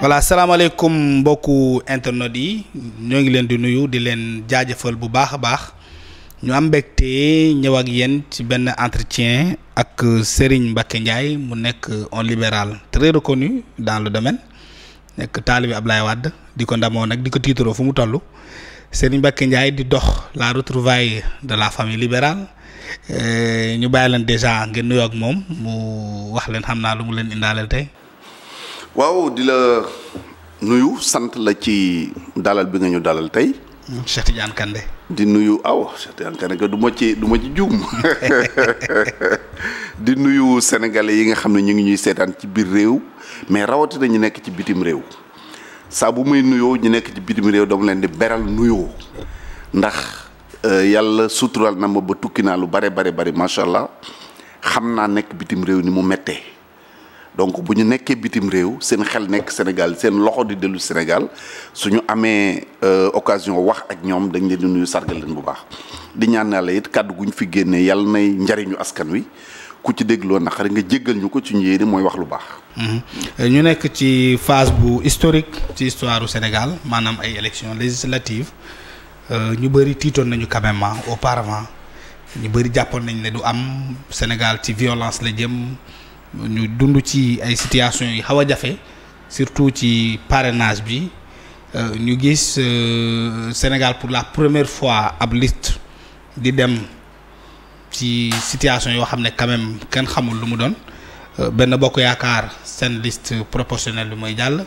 voilà salaamaaleykum mbokku internet yi ñoo ngi leen di nuyu di leen jaajëfal bu baax a baax ñu am mbégte ñëw ak yéen ci benn entretien ak Serigne Mbacké Ndiaye mu nekk un libéral très reconnu dans le domaine nekk ab Ablaye Wade di ko ndamoo nag di ko tiitaroo fu mu toll Serigne Mbacké Ndiaye di dox la retrouvaille de la famille libérale eh, ñu bàyyi leen déjà ngeen nuyoo ak moom mu wax leen xam naa lu mu leen indaaleel tey. waaw di la nuyu sant la ci dalal bi nga ñu dalal tey. Mm, Cheikh Tidiane di nuyu aw Cheikh Tidiane Kandé du ma ci du ma ci juum di nuyu sénégalais yi nga xam ne ñu ngi ñuy seetaan ci biir réew mais rawatina ñu nekk ci bitim réew saa bu muy nuyoo ñu nekk ci bitim réew dama leen di beral nuyoo ndax euh, yàlla suturaal na ma ba tukki naa lu bare bare bari macha allah xam naa nekk bitim réew ni mu mettee donc bu ñu nekkee bitim réew seen xel nekk Sénégal seen loxo di dellu Sénégal su ñu amee euh, occasion wax ak ñoom dañ leen di nuyu sargal leen bu baax di ñaan yàlla it kàddu gu ñu fi génnee yàlla nay njariñu askan wi ku ci dégloo naqar nga jéggal ñu ko ci yéene mooy wax lu baax. Mm-hmm. ñu nekk ci phase bu historique ci histoire Sénégal maanaam ay élections législatives euh, ñu bëri tiitoon nañu quand même auparavant ñu bëri jàppoon nañ ne du am Sénégal ci violence la jëm. ñu dund ci ay situation yi xaw a jafe surtout ci parrainage bi euh, ñu gis euh, Sénégal pour la première fois ab liste di dem ci situation yoo xam ne quand même kenn xamul lu mu doon euh, benn bokk yaakaar seen liste proportionnelle bi mooy jàll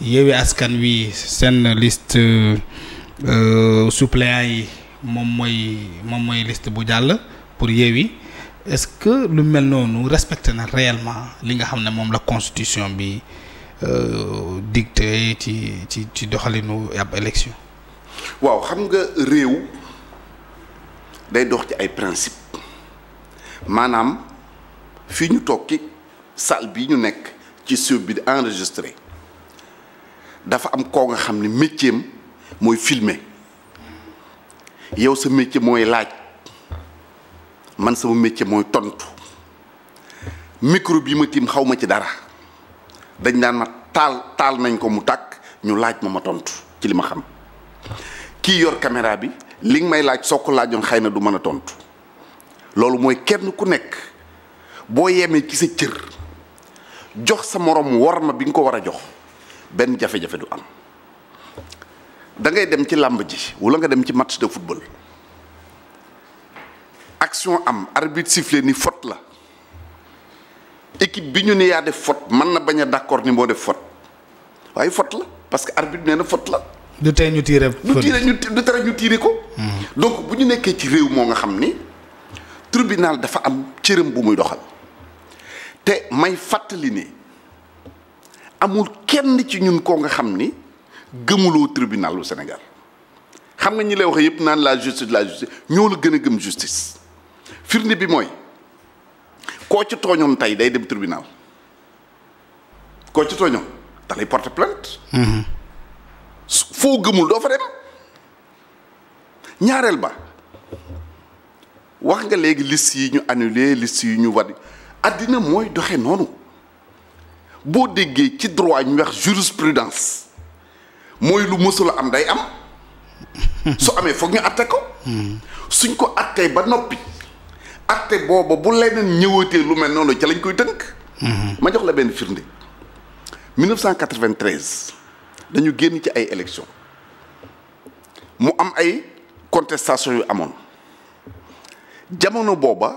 Yewwi Askan Wi seen liste suppléant yi moom mooy moom mooy liste bu jàll pour Yewwi est-ce que lu mel noonu respecté na réellement li nga xam ne moom la constitution bi euh, dicté ci ci ci doxalinu ab élection waaw xam nga réew day dox ci ay principe maanaam fii ñu toog ci bi ñu nekk ci suuf bi di enregistré dafa am koo nga xam ni métier mooy filme yow sa métier mooy laaj man sama métier mooy tontu micro bi ma tiim xaw ma ci dara dañ naan ma taal taal nañ ko mu tàkk ñu laaj ma ma tontu ci li ma xam kii yor caméra bi li may laaj soo ko laajoon xëy na du mën a tontu loolu mooy kenn ku nekk boo yemee ci sa cër jox sa moroom war ma bi nga ko war a jox benn jafe-jafe du am dangay dem ci làmb ji wala nga dem ci match de football. action am arbitre sifflé ni faute la équipe bi ñu ne yaa def fot mën na bañ a d'accord ni moo def faute waaye faute la parce que arbitre nee na faute la. du tee ñu tiire ñu tiire ñu du tere ñu tiire ko. Mm-hmm. donc bu ñu nekkee ci réew moo nga xam ni tribunal dafa am cëram bu muy doxal te may fàttali ni amul kenn ci ñun koo nga xam ni gëmuloo tribunal lu Sénégal xam nga ñi lay wax yëpp naan la justice la justice ñoo la gën a gëm justice. firnde bi mooy koo ci tooñoon tey day dem tribunal koo ci tooñoon da lay porter mhm. foo gëmul doo fa dem ñaareel ba wax nga léegi list yi ñu annulé list yi ñu wadi àddina mooy doxe noonu boo déggee ci droit ñu wax jurisprudence mooy lu mësula am day am su amee foog ñu atte ko mhm. suñ ko attee ba noppi acte booba bu leneen ñëwatee lu mel noonu ca lañ koy dënk mhm. ma jox la benn firnde 1993 dañu génn ci ay élections mu am ay contestation yu amoon jamono booba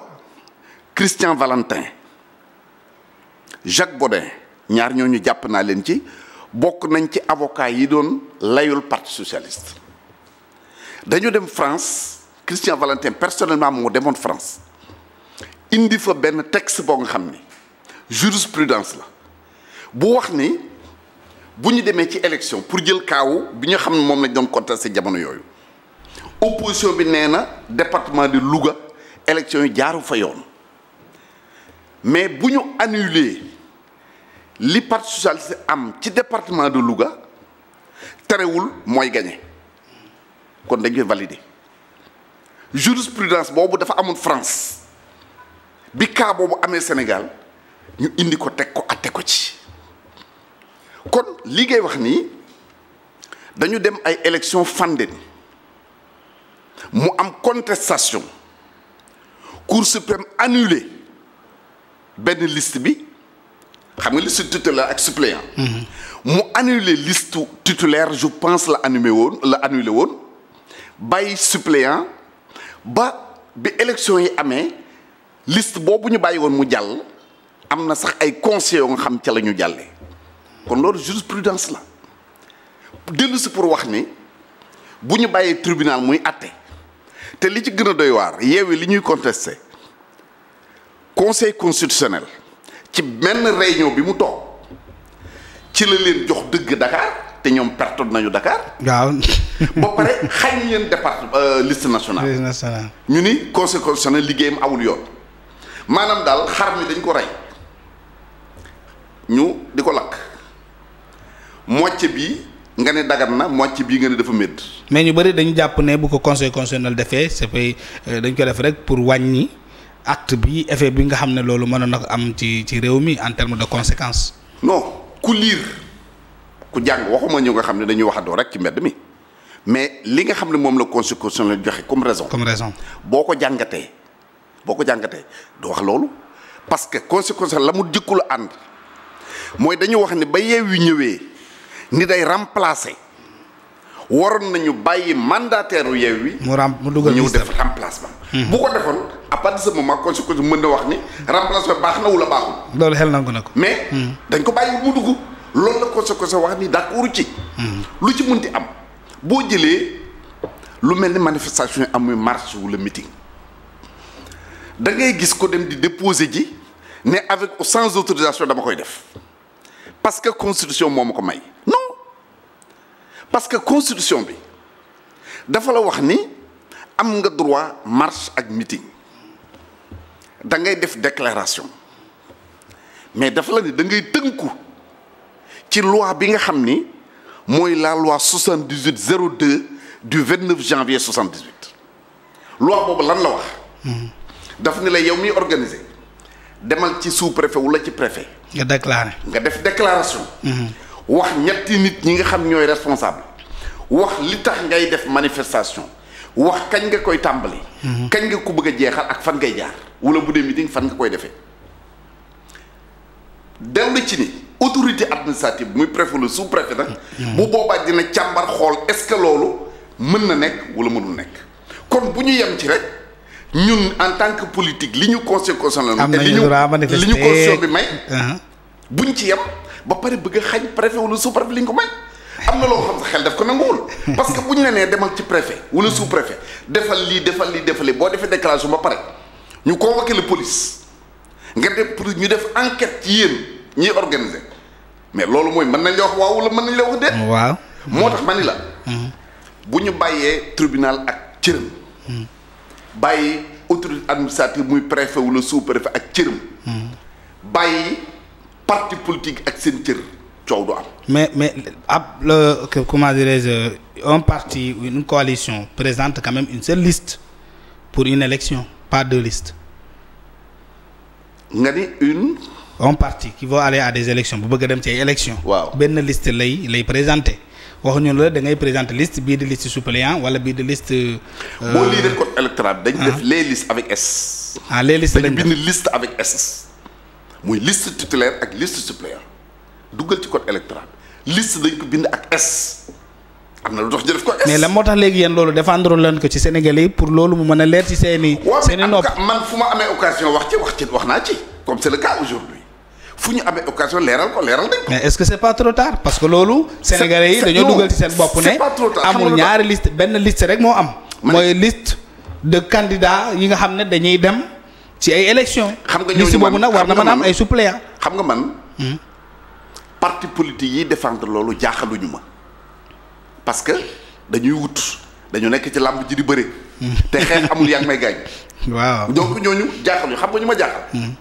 Christian Valentin Jacques Godin ñaar ñooñu jàpp naa leen ci bokk nañ ci avocat yi doon layul parti socialiste dañu dem France Christian Valentin personnellement moo demoon France. indi fa benn texte boo nga xam ni jurisprudence la bu wax ni bu ñu demee ci élection pour jël kaawu bi ñu xam ne moom lañ doon contesté jamono yooyu opposition bi nee na département de Louga élection yi jaaru fa yoon mais bu ñu annulé li parti socialiste am ci département de Louga terewul mooy gagné kon dañ koy validé jurisprudence boobu dafa amul France bi cas boobu amee Sénégal ñu indi ko teg ko atte ko ci kon li ngay wax nii dañu dem ay élection Fandène mu am contestation Cour suprême annulé benn list bi xam nga liste titulaire ak suppléant mm-hmm. mu annulé list titulaire je pense la annulé woon la annulé woon bay suppléant ba bi élection yi amee liste boobu ñu bàyyi woon mu jàll am na sax ay conseils yoo xam ca la ñu jàllee kon loolu jurisprudence la dellu si pour wax ni bu ñu bàyyee tribunal muy àtte te li ci gën a doy waar yeewi li ñuy contesté conseil constitutionnel ci benn réunion bi mu toog ci la leen jox dëgg Dakar te ñoom pertoon nañu Dakar. waaw. ba pare xañ leen départ euh, liste national liste nationale. ñu ni conseil constitutionnel liggéeyam awul yoon. maanaam daal xar mi dañ ko rey ñu di ko lakk mocc bi nga ne dagan na mocc bii nga ne dafa médd mais ñu bëri dañu jàpp ne bu ko conseil constitutionnel defee c'est fay euh, dañ ko def rek pour wàññi acte bi effet bi nga xam ne loolu mën na ko am ci ci réew mi en terme de conséquence non ku liir ku jàng waxuma ñu nga xam ne dañuy waxandoo rek ci mbedd mi mais li nga xam ne moom la conseil constitutionnel joxe comme raison comme raison boo ko jàngatee boo ko jàngatee du wax loolu parce que conséquence la mu dikkul ànd mooy dañu wax ni ba yu ñëwee ni day remplacer waroon nañu bàyyi mandataire u Yewwi mu ram mu dugal ñëw def remplacement. Mhm. bu ko defoon à partir de ce mën na wax ni remplacement baax na wala baaxul. loolu xel nangu na ko. mais mhm. dañ ko bàyyi mu dugg loolu la conséquence wax ni d'accord ci. Mhm. lu ci mënti am boo jëlee lu mel ni manifestation yi am muy marche wala meeting. da ngay gis ko dem di déposer ji ne avec ou sans autorisation dama koy def parce que constitution moo ma ko may non parce que constitution bi dafa la wax ni am nga droit marche ak meeting da ngay def déclaration mais dafa la ni da ngay tënku ci loi bi nga xam ni mooy la loi 78 02 du 29 janvier 78 loi boobu lan la wax hmm. daf ni la yow miy organiser demal ci sous préfet wala ci préfet. nga déclaré. nga def déclaration. Mhm. wax ñetti nit ñi nga xam ñooy responsable wax li tax ngay def manifestation wax kañ nga koy tàmbali. Mhm. kañ nga ko bëgg a jeexal ak fan ngay jaar wala bu dee meeting fan nga koy defee. dellu ci ni autorité administrative muy préfet la sous préfet nag. Mhm. bu boobaa dina càmbar xool est-ce que loolu mën na nekk wala mënul nekk kon bu ñu yem ci rek. ñun en tant que politique li ñu constitution la. am nañu droit manifester li ñu constitution bi may. Uh-huh. ñu ci yem ba pare bëgg a xañ préfet wala sous préfet li ñu ko may. am na loo xam sa xel daf ko nanguwul. parce que bu ñu la nee demal ci préfet wala sous préfet defal lii defal lii defali boo defee déclaration ba pare ñu convoqué la police nga def pour ñu def enquête ci yéen ñiy organiser mais loolu mooy mën nañ la wax waaw wala mën nañ la wax déet. waaw moo tax ma ni la. Uh-huh. bu ñu bàyyee tribunal ak cërëm. Uh-huh. bàyyi autorité administrative muy préfet wala sous-préfet ak cëram. bàyyi parti politique ak seen cër coow du am. mais mais ab le comment dirais-je un parti ou une coalition présente quand même une seule liste pour une élection pas deux listes. nga ni une. un parti qui va aller à des élections bu bëgg dem ci ay waaw benn liste lay lay présenté waxuñu la dangay ngay list liste bii di liste suppléant wala bii di liste. Euh, boo lii rek code électoral dañ def ah. les listes avec S. ah les listes bind liste avec S. muy liste titulaire ak list suppléant duggal ci code électoral list dañ ko bind ak S. am na lu tax jëf ko mais la moo tax léegi yéen loolu défendre leen ko ci Sénégal yi pour loolu mu mën a leer ci seen i. nopp man fu ma amee occasion wax ci wax wax naa ci comme c'est le aujourd'hui fu ñu amee occasion leeral ko leeral nañ mais est-ce que c'est pas trop tard parce que loolu. Sénégalais yi dañoo dugal ci seen bopp ne amul ñaari liste benn liste rek moo am. mooy liste de candidats yi nga xam ne dañuy dem ci ay élections. xam nga liste boobu nag war na mën am ay suppléants. xam nga man. Hmm. parti politique yi défendre loolu jaaxaluñu ma parce que dañuy wut dañu nekk ci làmb ji di bëre. Hmm. te xeex amul yaa ngi may gaañ. waaw donc ñooñu jaaxaluñu xam nga ñu ma jaaxal. Hmm.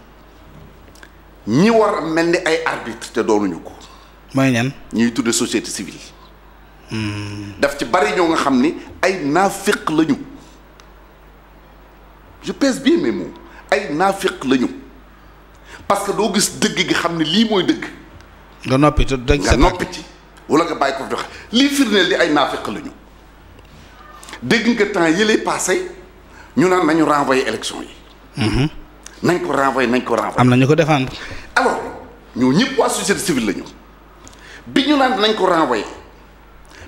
ñi war a mel ni ay arbitre te doonuñu ko. mooy ñan ñuy tudd société civile. Hmm. def ci bari ñoo nga xam ni ay naafiq lañu je bi bien mes mots ay naafiq lañu parce que doo gis dëgg gi xam ne lii mooy dëgg. nga noppi te dañ nga noppi ci wala nga bàyyi ko dox lii firndeel li ay naafiq lañu dégg nga temps yële passé ñu naan nañu renvoyer élection yi. Hmm. nañ ko renvoyé nañ ko renvoyé. am na ñu ko défendre. alors ñoo ñëpp waa société civile la bi ñu naan nañ ko renvoyé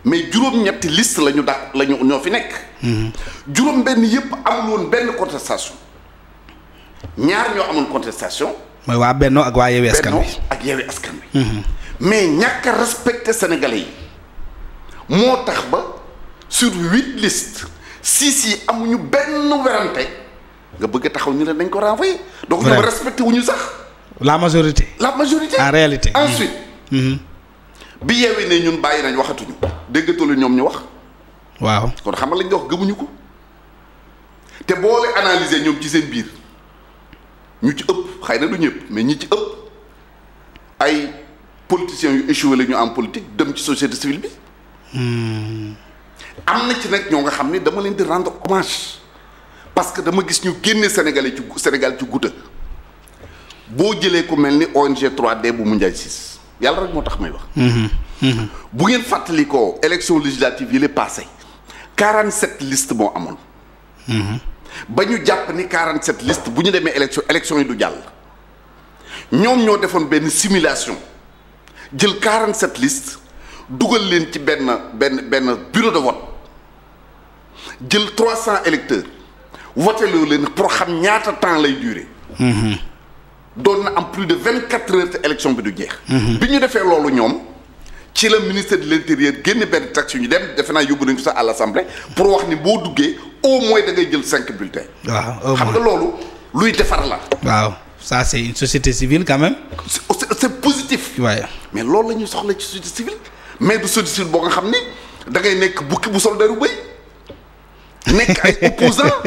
mais juróom-ñetti liste la da la ñu ñoo fi nekk. Mhm. juróom-benn yëpp amul woon benn contestation ñaar ñoo amul contestation. mooy waa Benno ak waa Yewwi Askan Wi ak Yewwi Askan Wi. Mhm. mais ñàkk a respecté sénégalais yi moo tax ba sur huit listes six yi amuñu benn werante. nga bëgg taxaw ñu ne dañ ko renvoyer. donc ñoom respecté wuñu sax. la majorité. la majorité en réalité. ensuite. Mm. Mm-hmm. bi yeewee ne ñun bàyyi nañ waxatuñu. déggatul ñoom ñu wax. waaw kon xam nga lañ wax gëmuñu ko. te boo leen analyser ñoom ci seen biir ñu ci ëpp xëy na du ñëpp mais ñu ci ëpp ay politiciens yu échoué la ñu am politique dem ci société civile bi. Mm. am na ci nekk ñoo nga xam ne dama leen di rendre hommage. parce que dama gis ñu génne Sénégalais ci Sénégal ci guta boo jëlee ku mel ni ONG 3D bu Moundiaye Ciss yàlla rek moo tax may wax. Mhm, mhm. bu ngeen fàttali ko élection législative yi la passé 47 listes moo amoon. Mhm. ba ñu jàpp ni 47 listes bu ñu demee élection élection yi du jàll. ñoom ñoo defoon benn simulation jël 47 listes dugal leen ci benn benn benn bureau de vote jël 300 électeurs. woteeloo leen pour xam ñaata temps lay durer. Mhm. doon na am plus de vingt quatre heures te élection bi du jeex. Mhm. bi ñu defee loolu ñoom ci la ministre de l' intérieur génn benn tax ñu dem defe naa yóbbu nañ ko sax à l' assemblée pour wax ni boo duggee au moins da jël cinq bulletins. waaw xam nga loolu luy defar la. waaw ça c' est une société civile quand même. positif. waaye mais loolu la ñu soxla ci société civile mais du société civile boo nga xam ni da ngay nekk bukki bu soldaru bëy. nekk ay opposant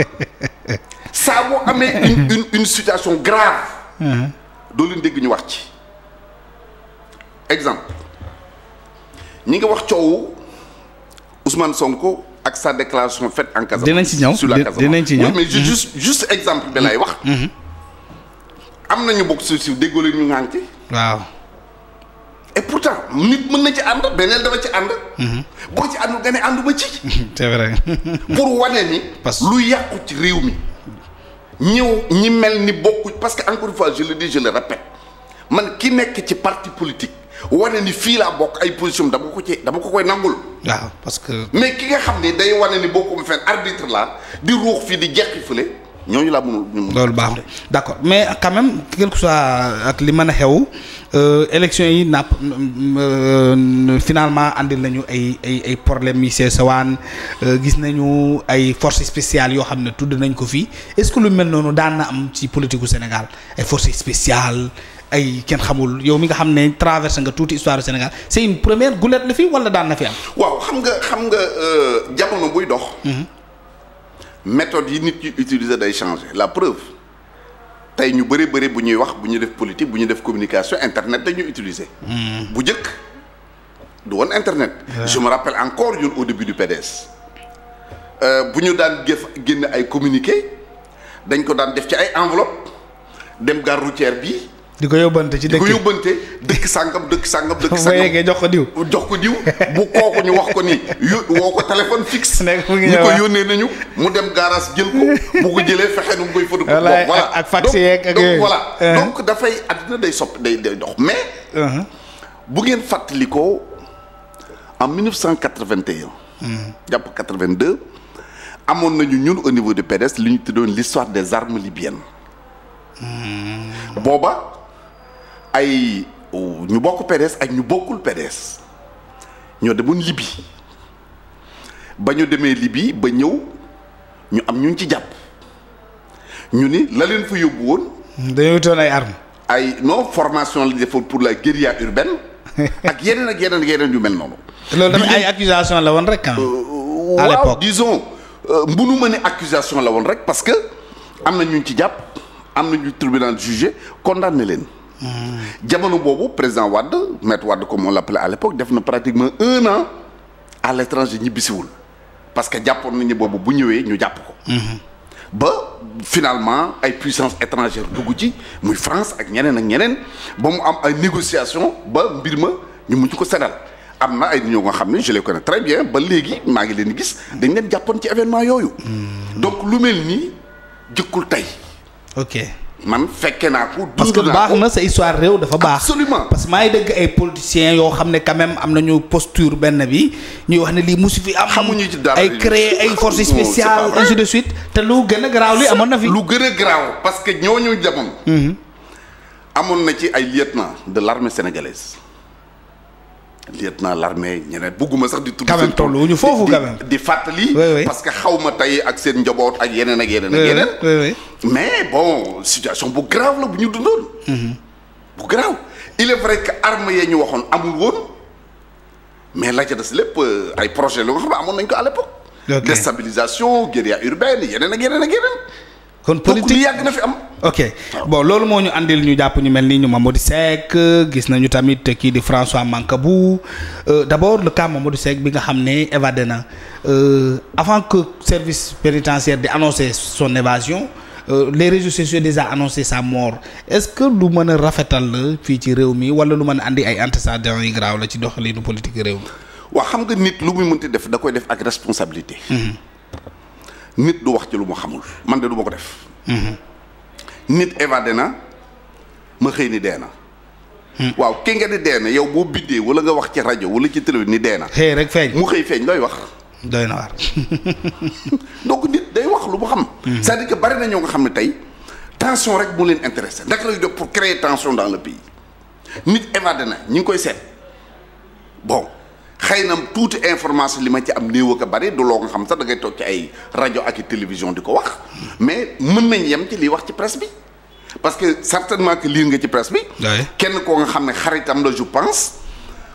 saa boo amee une une une situation grave. doo leen dégg ñu wax ci exemple ñi ngi wax coowu Ousmane Sonko ak sa déclaration faite en Casamance. dinañ ci ñëw sur la Casamance dinañ ci ñëw mais juste juste exemple bi lay wax. Mhm. Mhm. am nañu bokk su si déggoo leen ñu ŋànk. waaw. et pourtant nit mën na ci ànd beneen dama ci ànd. Mhm. boo ci àndul nga ne ànduma ci. c'est vrai. pour wane ni. lu yàqu ci réew mi. ñëw ñi mel ni bokku parce que encore une fois je le dis je man ki nekk ci parti politique wane ni fii laa bokk ay position dama ko ci dama ko koy nangul. waaw parce que. mais ki nga xam ni day wane ni bokkuma fenn arbitre la di ruux fii di jeqi fële ñooñu laa mënul. loolu baaxul d'accord mais quand même quel que soit ak li mën a xew. Euh, élection yi napp euh, euh, finalement àndil nañu ay ay ay problèmes yi see gis nañu ay forces spéciales yoo xam ne tudd nañ ko fii est-ce lu mel noonu daan na am ci politique gu Sénégal ay forces spéciales ay kenn xamul yow mi nga xam ne traversé nga tuuti histoire du Sénégal c'est une première goulette la fi wala daan na fi am. waaw xam nga xam nga jamono buy dox. Mhm. méthode yi nit ñi utiliser day changer la preuve. tey ñu bëri bëri bu ñuy wax bu ñuy def politique bu ñuy def communication internet dañuy utiliser. Hmm. bu njëkk du woon internet. je me rappelle encore yu au début du PDS. Euh, bu ñu daan def génn ay communiqué dañ ko daan def ci ay enveloppe dem gare routière bi di ko yóbbante ci dëkk di ko yóbbante dëkk sàngam dëkk sàngam. dëkk sàngam boo yeggee jox ko diw. jox ko diw bu kooku ñu wax ko ni yu woo ko téléphone fixe. nekk mu ngi ñëw ñu ko yónnee nañu mu dem garage jël ko bu ko jëlee fexe nu mu koy. foto ko voilà ak fax yeeg ak yooyu voilà uh-huh. donc dafay àddina day sopp day day dox mais. Uh-huh. bu ngeen fàttalikoo en 1981. Uh-huh. jàpp 82. amoon nañu ñun au niveau de PDS li ñu tuddoon l'histoire des armes libyennes. Hmm. booba. ay ñu bokk PDS ak ñu bokkul PDS ñoo demoon Libi ba ñu demee Libi ba ñëw ñu am ñu ci jàpp ñu ni la leen fa yóbbu woon. dañoo wutoon ay armes. ay non formation lañ defoon pour la guérilla urbaine ak yeneen ak yeneen yeneen yu mel noonu. loolu tamit ay accusation la woon rek euh, à l'époque waaw disons euh, mbunu ne accusation la woon rek parce que am na ñu ci jàpp am na ñu tribunal jugé condamné leen. jamono boobu président Wade maître Wade comme on l'appelait à l'époque def na pratiquement un an à l'étranger ñibbisiwul parce que jàppoon nañu boobu bu ñëwee ñu jàpp ko. Mhm. ba finalement ay puissance étrangère dugg ci muy France ak ñeneen ak ñeneen ba mu am ay négociation ba mbir ma ñu mucc ko seddal am na ay ñoo nga xam ne je les connais très bien ba léegi maa ngi leen di gis dañ leen jàppoon ci événement yooyu. Mhm. donc lu mel nii jëkkul tey. ok. man fekke naa ko. parce que baax na sa histoire réew dafa baax. absolument parce que ngi dégg ay politiciens yoo xam ne quand même am nañu posture benn bi ñuy wax ne lii musu fi am. xamuñu ci ay créer ay forces spéciales ainsi de suite. te lu gën a garaaw li amoon na fi. lu gën a garaaw parce que ñooñu jamono. Mhm. amoon na ci ay lieutenant de l'armée sénégalaise. lieutenant l'armée ñeneen bugguma sax di. tudd quand même tolluwuñu foofu quand di fàttali. parce que xawma tey ak seen njaboot ak yeneen ak yeneen. ak yeneen mais bon situation bu grave la bu ñu dundoon. Mhm. bu grave il est que armes yee ñu waxoon amul woon mais la ca des lépp euh, ay projet la nga xam amoon nañ ko à l'époque. déstabilisation guérilla urbaine yeneen ak yeneen ak yeneen. kon politique yàgg na fi am. ok bon loolu moo ñu andil ñu jàpp ñu mel nii ñu Mamadou Seck gis nañu tamit kii di François Mancabou euh, d' abord le cas Mamadou Seck bi nga xam ne évadé na euh, avant que service pénitentiaire di annoncer son évasion euh, les réseaux sociaux déjà annoncé sa mort est ce que lu mën a rafetal fii ci réew mi wala lu mën a andi ay antécédents yu graaw la ci doxalinu politique réew mi. waa xam nga nit lu muy mënti def da koy def ak responsabilité. Mhm. nit du wax ci lu mu xamul. man du ma ko def. Mhm. nit évadé na ma xëy ni dee na. Hmm. waaw ki nga di dee na yow boo biddee wala nga wax ci rajo wala ci télé ni dee na. xëy rek feeñ mu xëy feeñ looy wax. doy na waar. donc nit day wax lu mu xam. Hmm. c'est-à-dire bari na ñoo nga xam ne tey tension rek mu leen intéressé naka lay def pour créer tension dans le pays nit évadé na ñu ngi koy seet bon. xëy na tuuti information li ma ci am néew ak bari du loo nga xam sax da ngay toog ci ay rajo ak i télévision di ko wax mais mën nañ yem ci liy wax ci presse bi parce que certainement que lii nga ci presse bi. kenn koo nga xam ne xaritam la je pense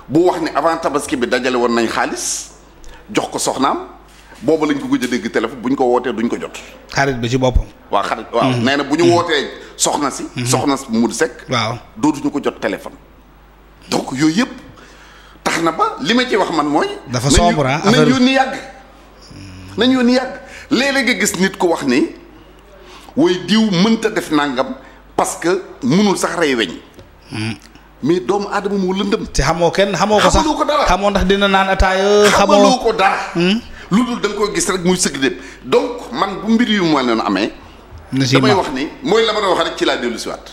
bu wax ne avant tabaski bi dajale woon nañ xaalis jox ko soxnaam boobu lañ ko gëj a dégg téléphone bu ñu ko wootee duñ ko jot. xarit bi ci boppam. waaw xarit waaw mm-hmm. nee na bu ñu mm-hmm. wootee soxna si. Mm-hmm. soxna si mu sekk. waaw dootuñu ko jot téléphone. donc yooyu yëpp. tax na ba li ma ci wax man mooy. dafa sombre ah nañ yónni yàgg. nañ yónni yàgg léeg-léeg nga gis nit ko wax ni woy diw mënta def nangam parce que munul sax rey weñ. Hmm. mais doomu aadama moo lëndëm. te xamoo kenn xamoo ko sax xamoo ndax dina naan ataaya. xamoo ko dara. Hmm? lu dul da nga koy gis rek muy sëg dem donc man bu mbir yu ma leen amee. damay wax ni mooy la mën a wax rek ci laa dellusiwaat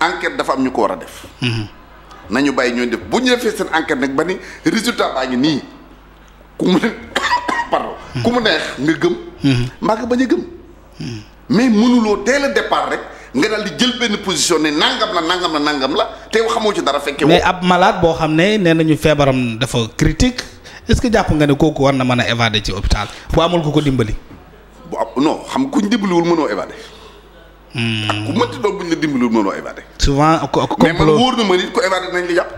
enquête dafa am ñu ko war a def. Hmm. nañu bàyyi ñooñu def bu ñu defee seen enquête nag ba ni résultat baa ngi nii ku mu neex nga gëm mm-hmm. mbaa nga bañ a gëm mm-hmm. mais mënuloo teel a depart rek nga daal di jël benn position ne nangam la nangam la nangam la te xamoo ci dara fekke mais ab malaat boo xam ne nee nañu feebaram dafa critique est-ce que jàpp nga ne kooku war na mën a évader ci hôpital bu amul ku ko dimbali bu non xam kuñ dimbaliwul mënoo évader ak hmm. ku mënti doon buñ la dimbalul mënoo évadé. souvent ku ku mais man wóor na ma nit ku évadé nañ la jàpp.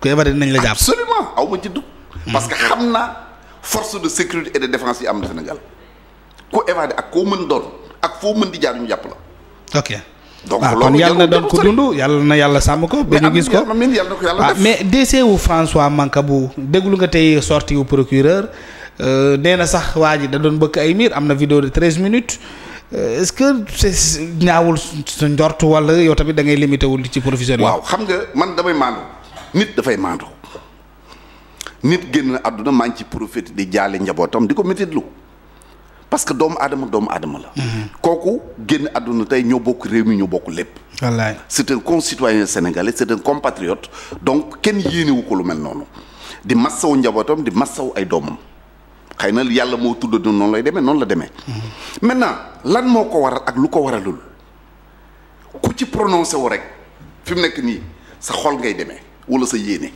ku évadé nañ la jàpp. absolument aw ma ci dugg. Hmm. parce que xam naa force de sécurité et de défense yi am na Sénégal ku évadé ak koo mën doon ak foo mën di jaar ñu jàpp la. ok donc ah, loolu yàlla na doon ko dund yàlla na yàlla sàmm ko. ba ñu gis ko mais yàlla na ko yàlla ah, def mais DC wu François Mancabou déglu nga tey sortie wu procureur euh, nee na sax waa ji da doon bëkk ay miir am na vidéo de treize minutes. Euh, est-ce que c'est ñaawul sa njort wala yow tamit da ngay limité wul ci professionnel. waaw xam nga man damay maandu nit dafay maandu nit génn àdduna maa ngi ci profité di jaale njabootam di ko métitlu parce que doomu aadama doomu adama la. Mhm. kooku génn àdduna tey ñoo bokk réew mi ñoo bokk lépp. wallaay c'est un concitoyen sénégalais c'est un compatriote donc kenn yéenewu ko lu mel noonu di massawu njabootam di massawu ay doomam. xëy na yàlla moo tudd noonu lay demee noonu la demee. Mm-hmm. maintenant lan moo ko waral ak lu ko waralul ku ci prononcé wu rek fi mu nekk nii sa xol ngay demee wala sa yéene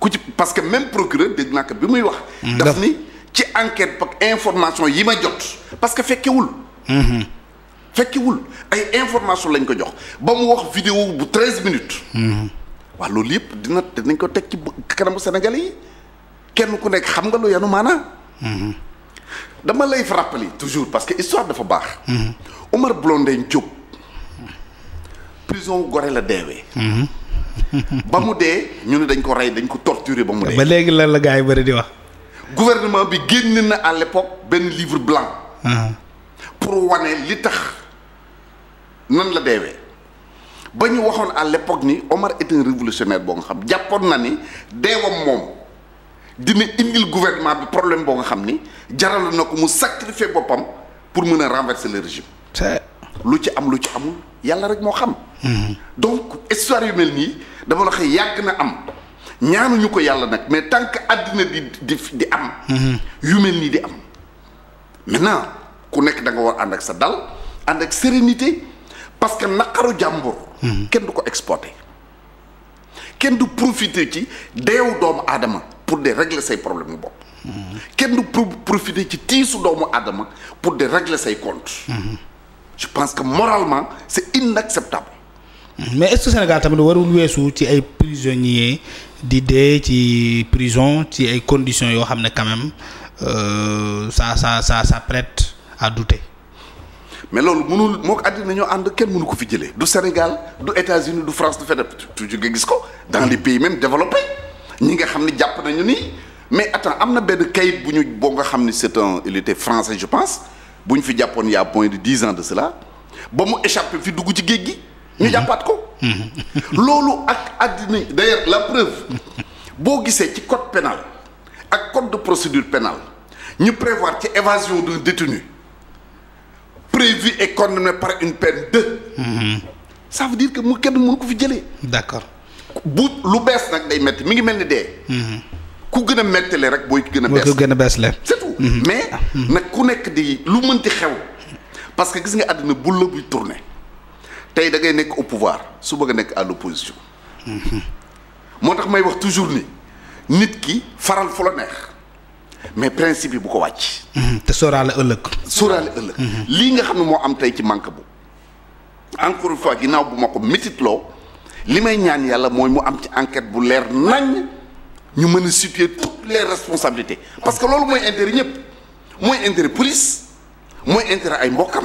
ku ci parce que même procureur dégg naa ko bi muy wax. Mm-hmm. daf ni ci enquête pak information yi ma jot parce que fekkewul. Mm-hmm. fekkewul ay information lañ ko jox ba mu wax vidéo bu treize minutes. waaw loolu yëpp dina dinañ ko teg ci kanamu Sénégalais yi. kenn ku nekk xam nga lu yanu maanaa mhm. dama lay rappali toujours parce que histoire dafa baax mhm. Omar Blondin Diop prison gore la deewee mhm. ba mu dee ñu ne dañ ko rey dañ ko torturer ba mu dee ba léegi lan la gars yi bëri di wax gouvernement bi génn na à l'époque benn livre blanc pour wane li tax nan la deewee ba ñu waxoon à l'époque ni Omar est révolutionnaire boo nga xam jàppoon na ni deewam moom dina indil gouvernement bi problème boo nga xam ni jaral na ko mu sacrifier boppam pour mën a renverser le lu ci am lu ci amul yàlla rek moo xam. Mhm. donc histoire yu mel nii dama la xëy yàgg na am ñaanuñu ko yàlla nag mais tant que àddina di di di am. Mhm. yu mel nii di am maintenant ku nekk da nga war ànd ak sa dal ànd ak sérénité parce que naqaru jàmbur. Mhm. kenn du ko exploiter kenn du profiter ci deewu doomu aadama. pour de régler say problème yu bopp kenn du profiter ci tiisu doomu aadama pour de régler say compte je pense que moralement c'est inacceptable mais est-ce que Sénégal tamit warul weesu ci ay prisonniers di dee ci prison ci ay conditions yoo xam ne quand même euh, ça ça ça ça à douté mais loolu mënul moo ko àddina ñoo ànd kenn mënu ko fi jëlee du Sénégal du États-Unis du France du FEDEP toujours nga gis ko dans les hmm. pays même développés. ñi nga xam ni jàpp nañu ni mais attends am na benn kayit bu ñu boo nga xam ni c'est un il était français je pense bu ñu fi jàppoon y a point de dix ans de cela ba mu échappé fi dugg ci géej gi. ñu jàppaat ko. loolu ak àddina d'ailleurs la preuve boo gisee ci code pénal ak code de procédure pénal ñu prévoir ci évasion d'un détenu prévu et condamné par une peine de. Mmh. ça veut dire que mu kenn mënu ko fi jëlee. d'accord. bu lu bees nag day metti mi ngi mel ni dee. Mhm. ku gën a mettale rek booy gën a bees. gën a bees la c'est mhm. mais ah, mhm. nag ku nekk di lu mënti xew. parce que gis nga àddina bu la buy tourné tey da ngay nekk au pouvoir su bëgg a nekk à l'opposition. moo tax may wax toujours ni nit ki faral fu la neex mais principe yi bu ko wàcc. te sóoraale ëllëg. sóoraale ëllëg. lii nga xam ne moo am tey ci manque bu encore une fois ginnaaw bu ma ko métitloo. li may ñaan yàlla mooy mu am ci enquête bu leer nañ ñu mën a situer toutes les responsabilités parce que loolu mooy intére ñëpp mooy intérêt police mooy intérêt ay mbokkam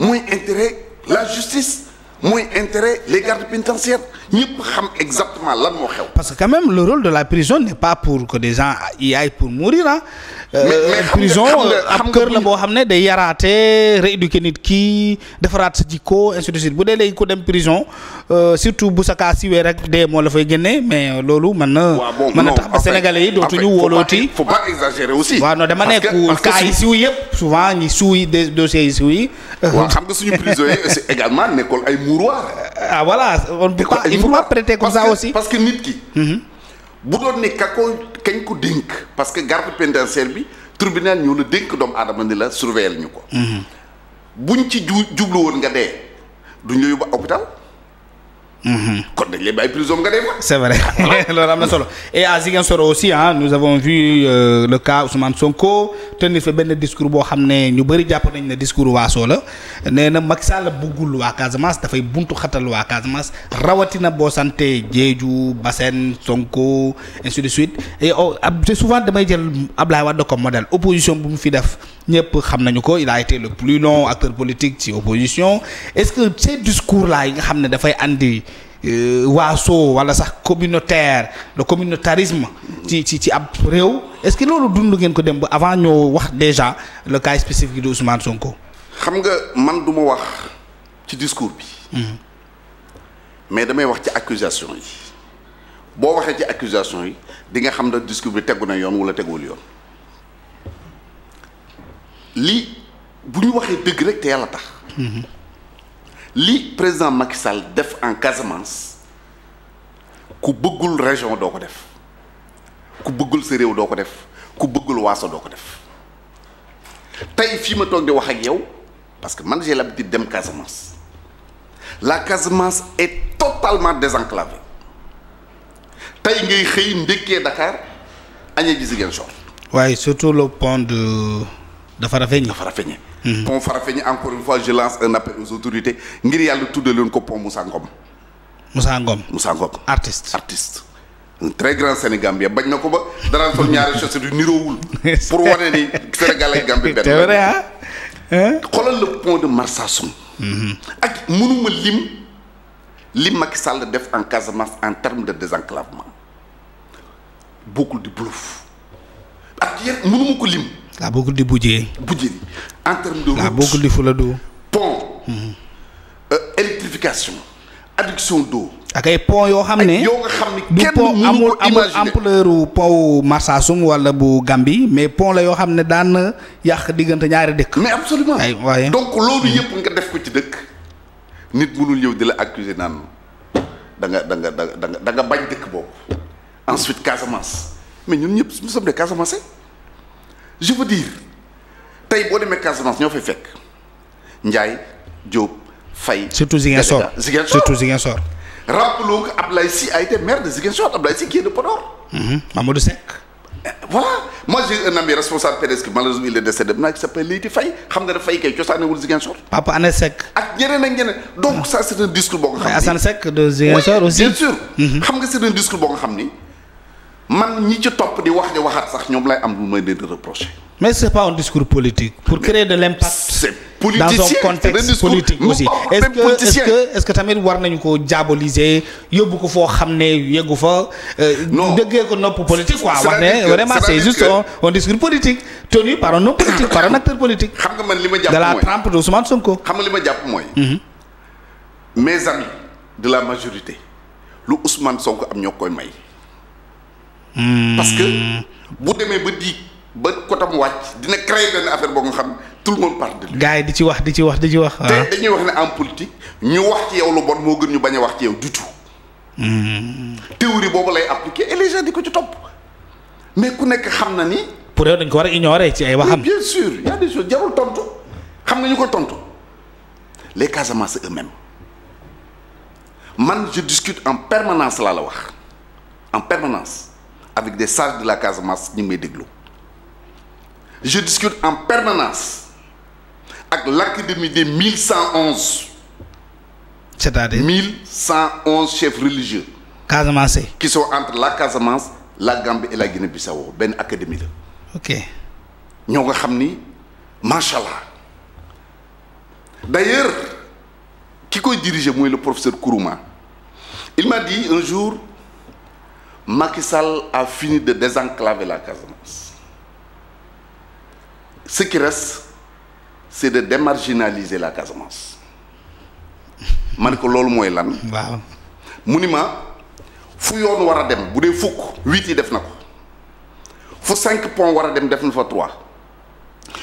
mooy intérêt la justice mooy intérêt les gardes pénitentiaires ñëpp xam exactement lan moo xew. parce que quand même le rôle de la prison n'est pas pour que des gens y aillent pour mourir ah. Euh, euh, prison euh, ab kër la boo xam ne day yaraate rééduquer nit kii defaraat sa jikko ainsi de suite bu dee léegi ku dem prison surtout bu sa kaa rek dee moo la fay génnee mais loolu man na. mën na tax ba sénégalais yi dootuñu wóolooti. faut pas exagérer aussi. waaw non dama nekk kaa siw yëpp souvent ñi siw yi des dossiers yi siw yi. waaw xam nga suñu prison yi c'est également nekkoon ay mouroir. ah voilà on peut pas il faut pas prêter comme ça aussi. parce que nit ki. Mhm. bu doon ne ka ko kañ ko dénk parce que garde pénitentiaire bi tribunal ñoo la dénk doomu aadama ni la surveiller ñu ko bu mhm. buñ ci ju jublu woon nga dee duñ la yóbbu hôpital Mhm. kon dañ lay bàyyi prison nga dem c'est vrai loolu am na solo et à Ziguinchor aussi ah nous avons vu euh, le cas Ousmane Sonko tenir fa benn discours boo xam ne ñu bëri jàpp nañ ne discours waasoo la nee na Macky Sall buggul waa Casamance dafay buntu xatal waa Casamance rawatina boo santé Diédhiou Bassène Sonko ainsi de suite et oh, souvent damay jël Ablaye Wade comme modèle opposition bu mu fi def ñëpp xam nañu ko il a été le plus long acteur politique ci opposition est-ce que ces discours là yi nga xam ne dafay andi euh, waaso wala sax communautaire le communautarisme ci ci ci ab réew est-ce que loolu dund ngeen ko dem ba avant ñoo wax déjà le cas spécifique de Ousmane Sonko. xam nga man du ma wax ci discours bi. Mm-hmm. mais damay wax ci accusation yi boo waxee ci accusation yi di nga xam ne discours bi tegu na yoon wala teguwul yoon. li bu ñu waxee dëgg rek te yàlla tax. li président Macky Sall def en Casamance ku bëggul région doo ko def ku bëggul sa réew doo ko def ku bëggul waaso doo ko def tey fii ma toog di wax ak yow parce que man la l'habitude dem Casamance la Casamance est totalement désenclavée tey ngay xëy ndekkee Dakar añee ji Ziguinchor. waaye surtout le pont de. dafa rafeñe dafa rafeñe mhm. pont Farafeñe encore une fois je lance un appel aux ngir yàlla tuddee leen ko pont Moussa Ngom. musaa Ngom Moussa Ngom artiste artiste. très grand Sénégambien bañ na ko ba dara sol ñaari chaussée du niroowul pour wane ni Sénégal ak Gambie benn. c'est vrai pont de Marsassoum. Mhm. ak mënuma lim li Macky Sall def en Casamance en termes de désenclavement bokkul di bluff ak yéen mënuma ko lim. la beaucoup de budget. budget en termes de. route la beaucoup de fuladu. pont. Mhm. Euh, électrification. adduction d'eau. ak ay pont yoo xam ne yoo nga xam ne kenn mënu amul amul ampleur pont wala bu Gambie mais pont la yoo xam ne daan na yàq diggante ñaari dëkk. mais absolument ay waaye donc loolu mhm. yëpp nga def ko ci dëkk. nit mënul ñëw di la accuser naan da nga da nga da nga da bañ dëkk boobu. ensuite Casamance mais ñun ñëpp nous sommes des Casamançais. je veux dire tey boo demee Casamance ñoo fay fekk Ndiaye Diop Faye. surtout Ziguinchor surtout Ziguinchor. rappelons que Ablaye Sy a été maire de Ziguinchor Ablaye Sy qui est de Podor. Mm-hmm. Mamadou Seck. voilà moi j'ai un ami responsable PDS qui malheureusement il est décédé maintenant qui s'appelle Leyti Faye xam nga ne Faye kay cosaanewul Ziguinchor. Papa Ané Seck. ak ñeneen ak ñeneen donc ça c'est un mm-hmm. boo nga xam ni. Assane Seck de Ziguinchor aussi xam nga c'est un boo nga xam ni. man ñi ci topp di wax di waxaat sax ñoom lay am lu may leen di reprocher. mais c'est pas un discours politique. pour créer de l'impact. c'est politicien dans un contexte politique aussi est-ce que est yóbbu ko foo xam ne yeggu fa. Euh, non déggee ko nopp politique quoi. wax ne vraiment c'est juste un discours politique tenu par un homme politique par un acteur politique. xam nga man li ma jàpp mooy de la trempe de Ousmane Sonko. xam ma mooy. Mhm. mes amis de la majorité lu Ousmane Sonko am ñoo koy may. Hmm. parce que bu demee ba diig ba kotam wàcc dina créer benn affaire boo nga xam tout le monde parle de lui. gars yi di ci wax di ci wax di ci wax. te dañuy wax ne en politique ñu wax ci yow lu bon moo gën ñu bañ a wax ci yow du tout. Hmm. théorie boobu lay appliquer et di ko ci topp mais ku nekk xam na ni. pour yow dañ ko war a ignorer ci ay waxam. bien sûr y a des jarul tontu xam nga ñu ko tontu les Casamance eux-mêmes man je discute en permanence laa la wax en permanence. avec des sages de la Casamance ñu ngi may déglu je discute en permanence ak l'académie des mille cent onze c'est-à-dire mille cent onze chefs religieux Casamance qui sont entre la Casamance la Gambie et la Guinée-Bissau benn académie la ok ñoo nga xam ni macha allah d'ailleurs ki koy diriger mooy le professeur Kourouma il m'a dit un jour Macky Sall a fini de désenclaver la Casamance ce qui reste c'est de démarginaliser la Casamance ma ne ko loolu mooy lan. mu ni ma fu yoon war a dem bu dee fukk huit yi def na ko fu cinq pont war a dem def na fa trois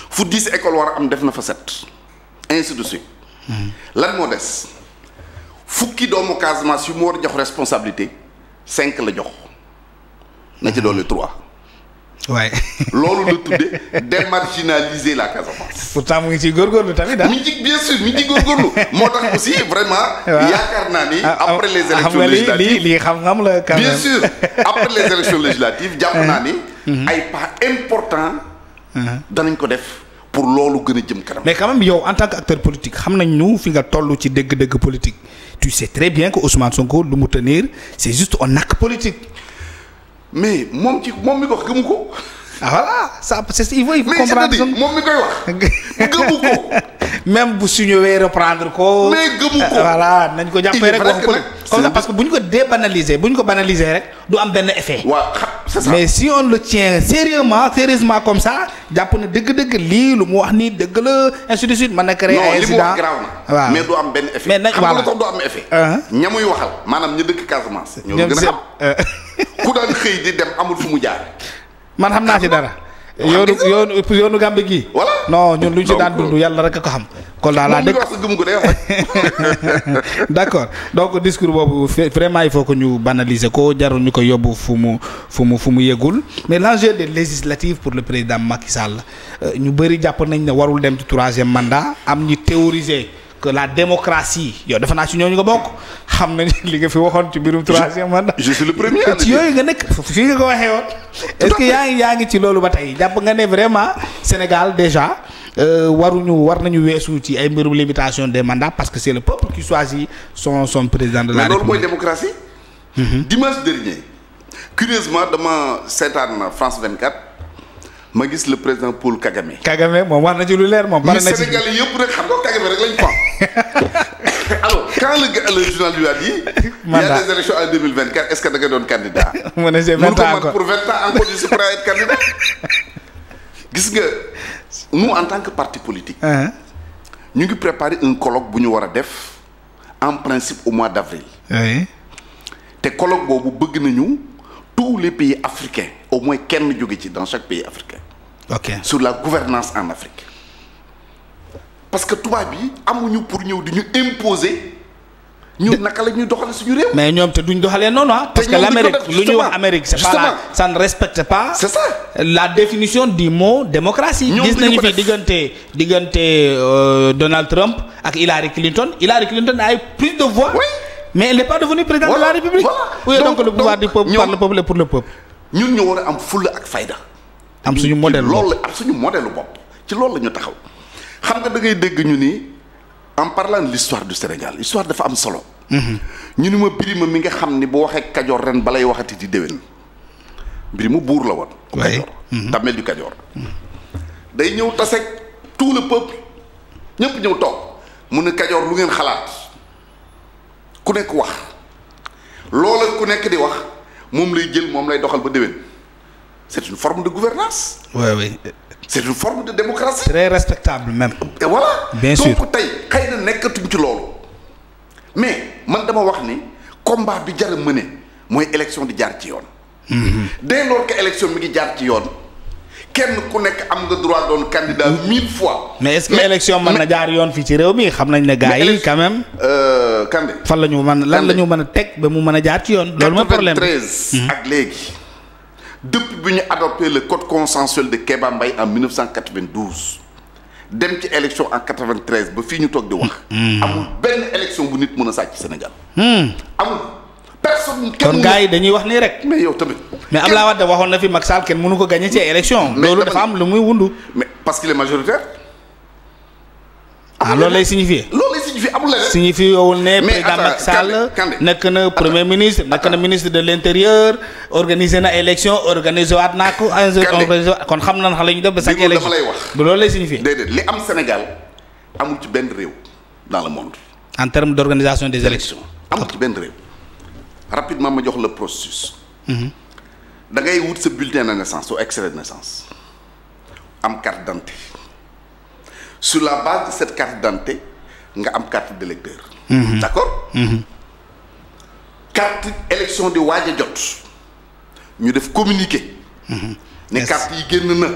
fu dix école war a am def na fa sept ainsi hmm. lan moo des fukki doomu Casamance yu mu war a jox responsabilité cinq la jox. na ci dolli trois. waaye. loolu la tudde démarginaliser la Casamance. pourtant mu ngi ciy góorgóorlu tamit daal. Ah. mi moo tax aussi vraiment. yaakaar naa ni ah, ah, après les. lii xam-xam la. quand même bien sûr après naa mhm. ay pas important. Mhm. ko def. pour loolu gën a jëm kanam. mais quand même yow en tant que acteur politique xam nañ ñu fi nga toll ci dëgg-dëgg politique tu sais très bien que Ousmane Sonko lu mu tenir c'est juste un acte politique. mais moom ci moom mi ko wax gëmu ko ah voilà ça c'est il faut il faut comprendre. moom mi koy wax gëmu ko. même bu su ñëwee reprendre ko. mais gëmu ko voilà nañ ko jàppee rek. wax ko comme ça parce que bu ñu ko débanaliser bu ñu ko banaliser rek du am benn effet. waaw c'est ça mais si on le tient sérieusement sérieusement comme ça jàpp na dëgg-dëgg lii lu mu wax nii dëgg la ainsi de suite mën na créer ay incident non li mu wax garaaw na. waaw mais du am benn effet. mais nag voilà xam nga lu tax du am effet. Uh-huh. ñamuy waxal maanaam ñu dëkk Casamance. ñoo gën a xam uh-huh. ku daan xëy di dem amul fu mu jaar. man xam naa ci dara. yoonu yoonu yoonu Gàmbi gii. voilà non ñun lu ñu ci daan dund yàlla rek a ko xam. kon daal laa dëkk d'accord donc discours boobu vraiment il faut que ñu banaliser ko jarul ñu ko yóbbu fu mu fu mu fu mu yëgul mais l'enjeu des législatives pour le président Macky Sall euh, ñu bëri jàpp nañ ne warul dem ci troisième mandat am ñu théoriser. que la démocratie yow defe naa ci ñooñu nga bokk xam nañ li nga fi waxoon ci mbirum troisième mandat. je suis le yooyu nga nekk fii nga ko waxee woon. est-ce que yaa ngi yaa ngi ci loolu ba tey jàpp nga ne vraiment Sénégal déjà euh, waruñu war nañu weesu ci ay mbirum limitation des mandats parce que c'est le peuple qui choisit son son président de la République. mais loolu mooy démocratie. Mhm. dimanche dernier curieusement dama seetaan France 24. ma gis le président Paul Kagame. Kagame moom wax na ci lu leer moom. bari na ci Sénégal yëpp rek xam nga Kagame rek lañ fàmm. alors quand le gars le journal lui a dit. man daal y a des élections en deux mille vingt quatre est ce que da nga doon candidat. mu ne c'est vingt ans encore pour vingt ans encore je suis prêt à être candidat. gis nga nous en tant que parti politique. Uh-huh. ñu ngi préparer un colloque bu ñu war a def en principe au mois d' avril. oui te colloque boobu bëgg nañu. tous les pays africains au moins kenn jóge ci dans chaque pays africain ok sur la gouvernance en Afrique parce que tubaab yi amuñu pour ñëw di ñu imposer ñu naka la ñuy doxale suñu réew. mais ñoom te duñ doxalee noonu ah. parce que l'Amérique lu ñuy wax Amérique c'est pas la ça ne respecte pas. c'est ça la définition du mot démocratie. gis nañu fi diggante diggante euh, Donald Trump ak Hillary Clinton Hillary Clinton a eu plus de voix. mais elle n'est pas devenue présidente voilà, de la république. voilà donc donc le pouvoir du peuple par le peuple et pour le peuple. ñun ñu war a am fulla ak fayda. am suñu modèle loolu am suñu modèle bopp ci loolu la ñu taxaw. xam nga da ngay dégg ñu ni en parlant de l'histoire du Sénégal l'histoire dafa am solo. Mm-hmm. ñu ni ma Birima mi nga xam ni bu waxee Kajoor ren balay waxati di déwén. Birima buur la woon. waaye mm-hmm. Damel du Kajoor. Mm-hmm. day ñëw taseeg tout le peuple ñëpp ñëw toog mu ne Kajoor lu ngeen xalaat. ku nekk wax loola ku nekk di wax moom lay jël moom lay doxal ba déwén c'est une forme de gouvernance oui oui c'est une forme de démocratie. très respectable même. et voilà bien sûr donc tey xëy na nekkatuñ ci loolu mais man dama wax ni combat bi jar a mëne mooy élection di jaar ci yoon. Mhm. dès lors que élection mi ngi jaar ci yoon. kenn ku nekk am nga droit doon candidat mille fois. mais est-ce que élection mën na jaar yoon fii ci réew mi xam nañ ne gars yi quand même. Euh, Kande. fan la ñu mën lan la ñu mën a teg ba mu mën a jaar ci yoon. loolu mooy problème 93 mhm. ak léegi. depuis bi ñu adopté le code consensuel de Kéba Mbaye en 1992 dem ci élection en 93 ba fii ñu toog di wax. Mhm. amul benn élection bu nit mun a sàcc Sénégal. Hmm. amul. personne kenn kon gars yi dañuy wax nii rek. mais yow tamit. mais Abdoulaye Wade waxoon na fi mag Sall kenn mënu ko gagné ci élection. loolu dafa am lu muy wundu. mais parce qu'il est majoritaire. ah loolu lay signifié. loolu lay signifié amul leneen. signifié yow ne président Macky Sall nekk na premier ministre nekk na ministre de l' intérieur organisé na élection organisé waat naa ko. kon xam na xam la ñu def ba chaque élection lay wax. bu loolu lay signifié. déedéet li am Sénégal amul ci benn réew dans le monde. en termes d' organisation des élections amul ci benn rapidement ma jox la processus. Mhm. da ngay wut sa bulletin na naissance soo extrait de naissance am carte d'identité sur la base de cette carte d'identité nga am carte d'électeur mmh. d'accord mmh. carte élection di waaj a jot ñu def communiqué mhm. ne carte yi génn na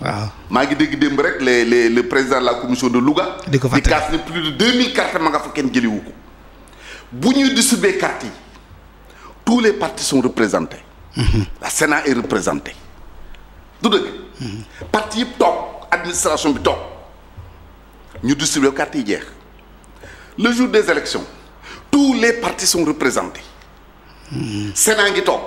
waaw maa ngi dégg démb rek le les le président de la commission de Louga di kaas de deux mille cartes ma nga fa kenn jëliwu ko bu ñuy distribuer carte yi tous les partis sont représentés. la Sénat est représenté. du dëgg. parti yëpp toog administration bi toog ñu distribué carte yi jeex le jour des élections tous les partis sont représentés. Sénat ngi toog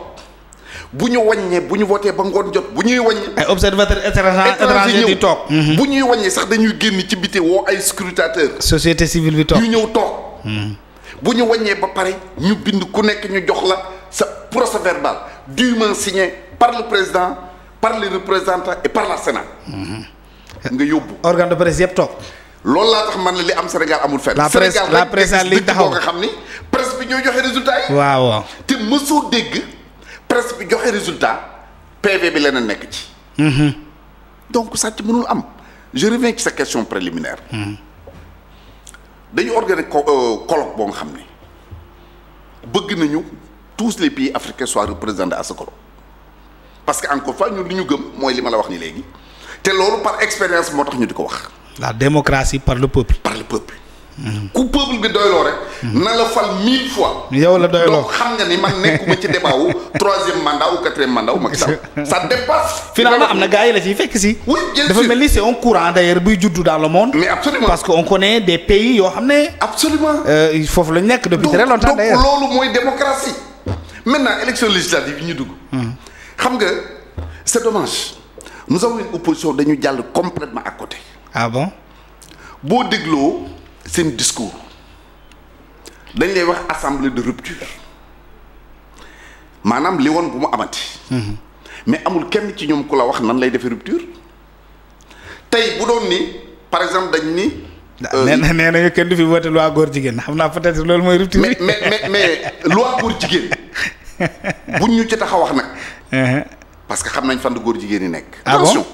bu ñu wàññee bu ñu voté ba ngoon jot bu ñuy wàññi. ay observateurs étrangers di toog. bu ñuy wàññee sax dañuy génn ci biti woo ay scrutateurs. société civile bi toog ñu ñëw toog. bu ñu wàññee ba pare ñu bind ku nekk ñu jox la sa procès verbal dûment signé par le président par les représentants et par la Sénat. Mm-hmm. nga yóbbu. organe de presse yëpp toog. loolu laa tax man la li am Sénégal amul fenn. la presse la presse li taxaw nga xam ni presse bi ñooy joxe résultat yi. waaw waaw te mësoo dégg presse bi joxe résultat PV bi leneen nekk ci. Mm-hmm. donc sàcc mënul am je reviens ci sa question préliminaire. Mmh. dañu organiser euh, colloque boo nga xam ni bëgg nañu tous les pays africains soient représentés à ce colloque parce que encore fois ñun li ñu gëm mooy li ma la wax ni léegi te loolu par expérience moo tax ñu di ko wax. la démocratie par le peuple. par le peuple. ku peuple bi doyloo rek. na la fal mille fois. yow la doyloo loo xam nga ni man nekkuma ci débat wu troisième mandat ou quatrième mandat wu Macky Sall. ça dépasse. finalement am na yi la ciy fekk si. oui bien sûr dafa mel ni c'est un courant d'ailleurs buy judd dans yoo xam ne. absolument euh, foofu la nekk depuis très longtemps d'ailleurs donc loolu mooy démocratie. maintenant élection législative yi ñu dugg. Hmm. xam nga c'est dommage nous avons une opposition dañu jàll complètement ak côté. ah bon boo dégloo. seen discours dañ lay wax assemblée de rupture maanaam li woon bu mu amati. Mm-hmm. mais amul kenn ci ñoom ku la wax nan lay defee rupture tey bu doon nii par exemple dañ ni. Euh, nee na nee nañu kenn du fi voté loi góor jigéen xam naa peut-être loolu mooy rupture. mais mais mais loi góor jigéen buñ ñu ci tax a wax nag. Uh-huh. parce que xam nañ fand la góor jigéen yi nekk. Ah attention.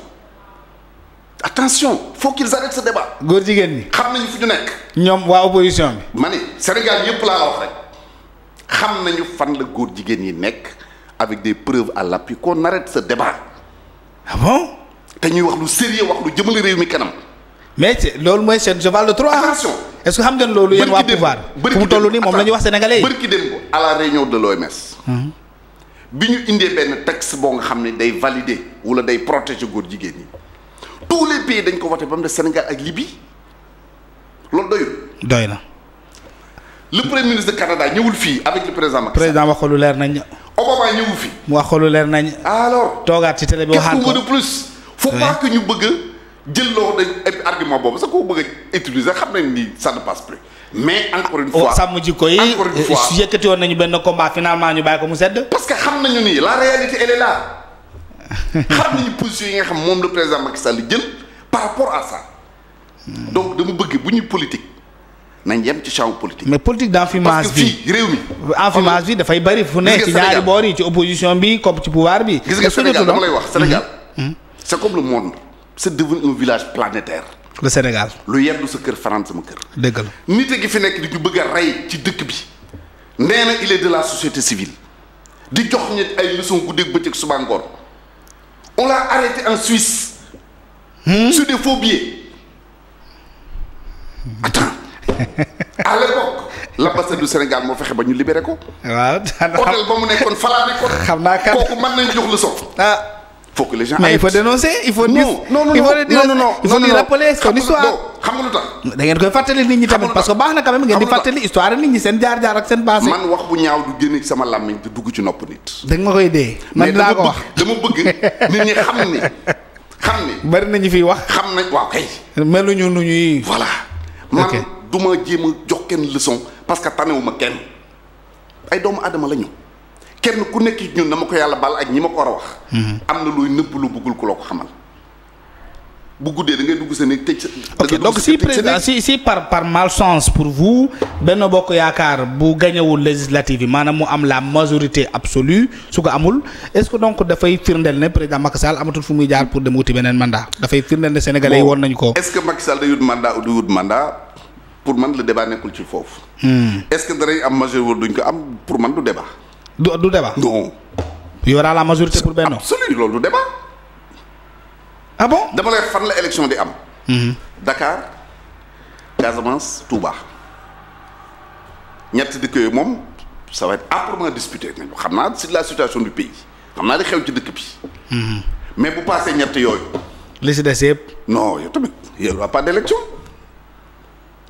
attention faut qu'ils arrêtent ce débat. góor jigéen ñi. xam nañu fi ñu nekk. ñoom waa opposition bi. mane ni Sénégal yëpp laa wax rek xam nañu fan la góor jigéen ñi nekk avec des preuves à l'appui qu'on arrête ce débat. Ah bon. te ñuy wax lu sérieux wax lu jëmale réew mi kanam. mais loolu mooy seen cheval de Troie. attention xam ngeen loolu yéen waa pouvoir fu mu toll nii moom la ñuy wax sénégalais yi. bërki dem ko à la réunion de l'OMS. Mhm. bi ñu indee benn texte boo nga xam ne day valider wala day protéger góor jigéen ñi. tous les pays dañ ko voté ba mu des Sénégal ak Libye loolu doyul. doy na. le premier ministre de Canada ñëwul fii avec le président Macky Sall. président wax ko leer nañ. Obama ñëwul fii. mu wax ko leer nañ. alors toogaat ci télé bi waxaat ko de plus. faut ñu bëgg a jël loo dañ argument boobu sax ko bëgg a utiliser xam nañ ni ça ne passe plus. mais oh, sàmm jikko yi encore une nañu benn combat finalement ñu bàyyi ko mu sedd. parce que xam nañu ni la réalité elle xam nañu position yi nga xam moom le président Macky Sall jël par rapport à donc dama bëgg bu ñuy politique nañ yem ci champ politique. mais politique d'enfumage bi parce que fii réew mi. enfumage bi dafay bari fu ne ci ñaari boor yi ci opposition bi comme ci pouvoir bi. gis nga Sénégal dama lay wax Sénégal. Mm-hmm. Mm-hmm. c'est comme le monde. c'est devenu un village planétaire. le Sénégal. lu yeddu sa kër france sama kër. dëgg la nit gi fi nekk di ñu bëgg a rey ci dëkk bi. nee na il de la société civile. di jox ay leçons guddeeg bëccëg suba on l'a arrêté en Suisse. Hmm? sur des faux à l'époque l'ambassade du Sénégal moo fexe ba ñu libéré ko. waaw hôtel ba mu nekkoon falaa nekkoon. xam naa kooku mën nañ jox leçon ah. faut que les gens. mais il faut dénoncer il faut. non non non il histoire. xam nga lu tax. da ngeen koy fàttali nit ñi tamit parce que baax na quand même ngeen di fàttali histoire nit ñi seen jaar jaar ak seen base. man wax bu ñaaw du génne sama làmmiñ du dugg ci nopp nit. da nga ma koy dee. man laa ko wax dama bëgg nit ñi xam ni xam ni. bari nañu fiy wax. xam nañ waaw kay. meluñu nu ñuy. voilà man du ma jéem a jox kenn leçon parce que tanewuma kenn ay doomu aadama la ñu. kenn ku nekk ci ñun na ma ko yàlla baal ak ñi ma ko war a wax. Mhm. am na looy nëbb lu bëggul ku la ko xamal. bu guddee da ngay dugg sa néeg tëj sa. ok donc si président si si par par malchance pour vous Benno Bokk Yaakaar bu gañewul législative yi maanaam mu am la majorité absolue su ko amul est-ce que donc dafay firndeel ne président Macky Sall amatul fu muy jaar pour dem wuti beneen mandat dafay firndeel ne sénégalais yi woon nañu ko. est-ce que Macky Sall day wut mandat du wut mandat pour man le débat nekkul ci foofu. Hmm. est-ce que danañ am majorité duñ ko pour man du débat. du du débat. non. y aura la majorité pour Benno. absolu loolu du débat. ah bon dama lay fan la élection di am. Mhm. Dakar Casamance Touba ñett dëkk yooyu moom ça va être âprement disputé nañu xam naa si la situation du pays xam naa li xew ci dëkk bi. Mhm. mais bu paasee ñett yooyu. li si des yëpp. non yow tamit yow y aura pas d'élection.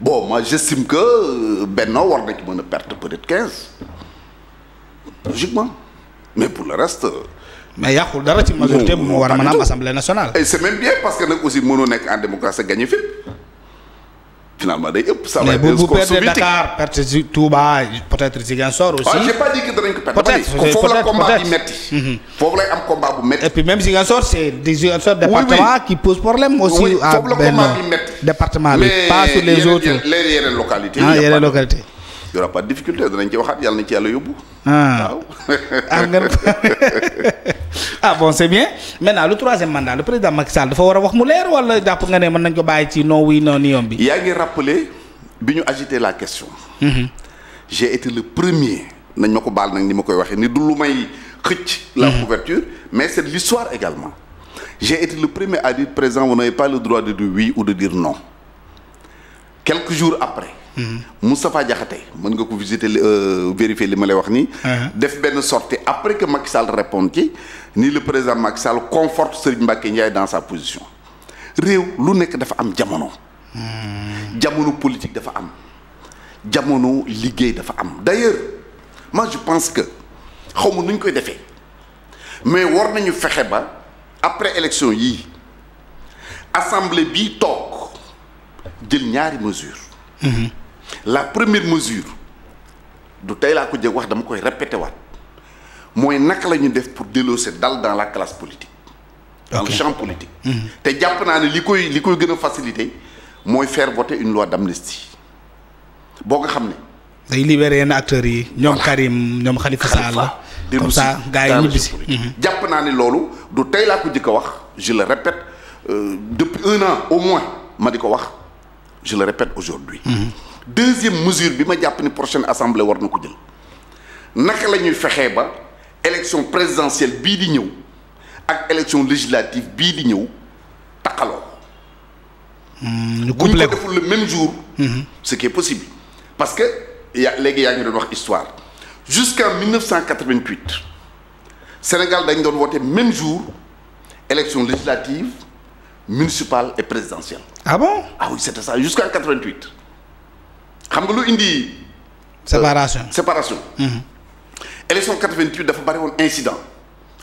bon moi j'estime que euh, Benno war na ci mën a perte peut-être quinze logiquement mais pour le reste. Euh, mais yàqul dara ci majorité. mu war a mën a am assemblée nationale. et c'est même bien parce que nag aussi mënoo nekk en démocratie gagné fépp. finalement day ëpp. ça va être score soviétique mais bu bu perte Dakar perte si Touba peut-être Ziguinchor aussi. peut-être peut-être foofu la mhm. c'est des qui pose problème. aussi à benn département bi. pas les autres yeneen ah, yeneen localités. y aura pas de difficulté danañ ci waxaat yàlla nañ ci yàlla yóbbu. Ah. Ah, ah bon c'est bien maintenant le troisième mandat le président Macky dafa war a wax mu leer wala jàpp nga ne mën nañ ko bàyyi ci non oui non ni yoon bi. yaa ngi rappelé bi ñu agité la question. Mhm. j'ai été le premier. nañ ma ko baal nag ni ma koy waxee ni du lu may xëcc. la mhm. couverture mais c'est l'histoire également. j'ai été le premier à présent vous n'avez pas le droit de dire oui ou de dire non. quelques jours après. Mhm. Moustapha Diakhaté mën nga ko visiter euh, vérifier li ma lay wax nii. Uh-huh. def benn sortie après que Macky Sall répond ci ni le président Macky Sall conforte Serigne Mbacké Ndiaye dans sa position réew lu nekk dafa am jamono. Hmm. jamono politique dafa am jamono liggéey dafa am d'ailleurs moi je pense que xaw ma nu ñu koy defee mais war nañu fexe ba après élection yii assemblée bii toog. jël ñaari mesure mhm. la première mesure du tey laa ko jëg wax dama koy répété waat mooy naka la ñu def pour délosser dal dans la classe politique dans okay. le mhm. te jàpp naa ne li koy li koy gën a faciliter mooy fair voter une loi d'amnistie boo ko xam ne day libéré yenn acteurs yi ñoom Karim ñoom Khalifa Sall comme ça gars yi ñibbisi mhm. jàpp naa ne loolu du tey laa ko jëkk wax je le répète euh, depuis un au moins ma di ko wax je le répète aujourd'hui deuxième mesure bi ma jàpp ni prochaine assemblée war na ko jël naka la ñuy fexee ba élection présidentielle bii di ñëw ak élection législative bii di ñëw taqaloo hmm, bu ñu ko deful le même jour hmm. ce qui est possible parce que yaa léegi yaa ngi doon wax histoire jusqu'en 1988 Sénégal dañ doon woote même jour élection législative municipale et présidentielle. ah bon ah oui c'était ça jusqu'en 88 xam nga lu indi. Euh, séparation séparation. Mhm. élection 88 dafa bari woon incident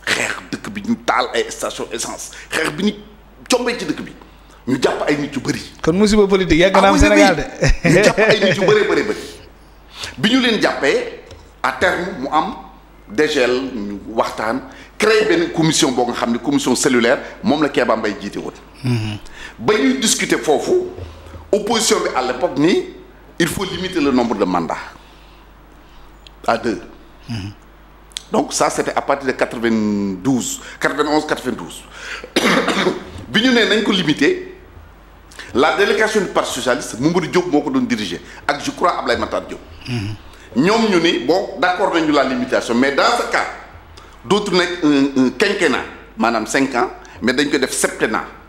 xeex dëkk bi ñu taal ay station essence xeex bi ñu combee ci dëkk bi ñu jàpp ay nit yu bëri. kon musiba politique yàgg na am ah Sénégal de bëri bëri bi ñu leen jàppee à terme mu am dégel ñu waxtaan créer benn commission boo nga xam ne commission cellulaire moom la Kéba Mbaye jiite woon. Mm-hmm. ba ñuy discuter foofu opposition bi à l'époque nii il faut limiter le nombre de mandats à deux. Mmh. donc ça c'était à partir de 92 91 92 bi ñu nee nañ ko limiter la délégation du parti socialiste Mamadou Diop moo ko doon diriger ak je crois Ablaye Matar Diop. Mm-hmm. ñoom ñu ni bon d'accord nañu la limitation mais dans ce cas dootu nekk un un maanaam cinq ans mais dañ ko def septennat.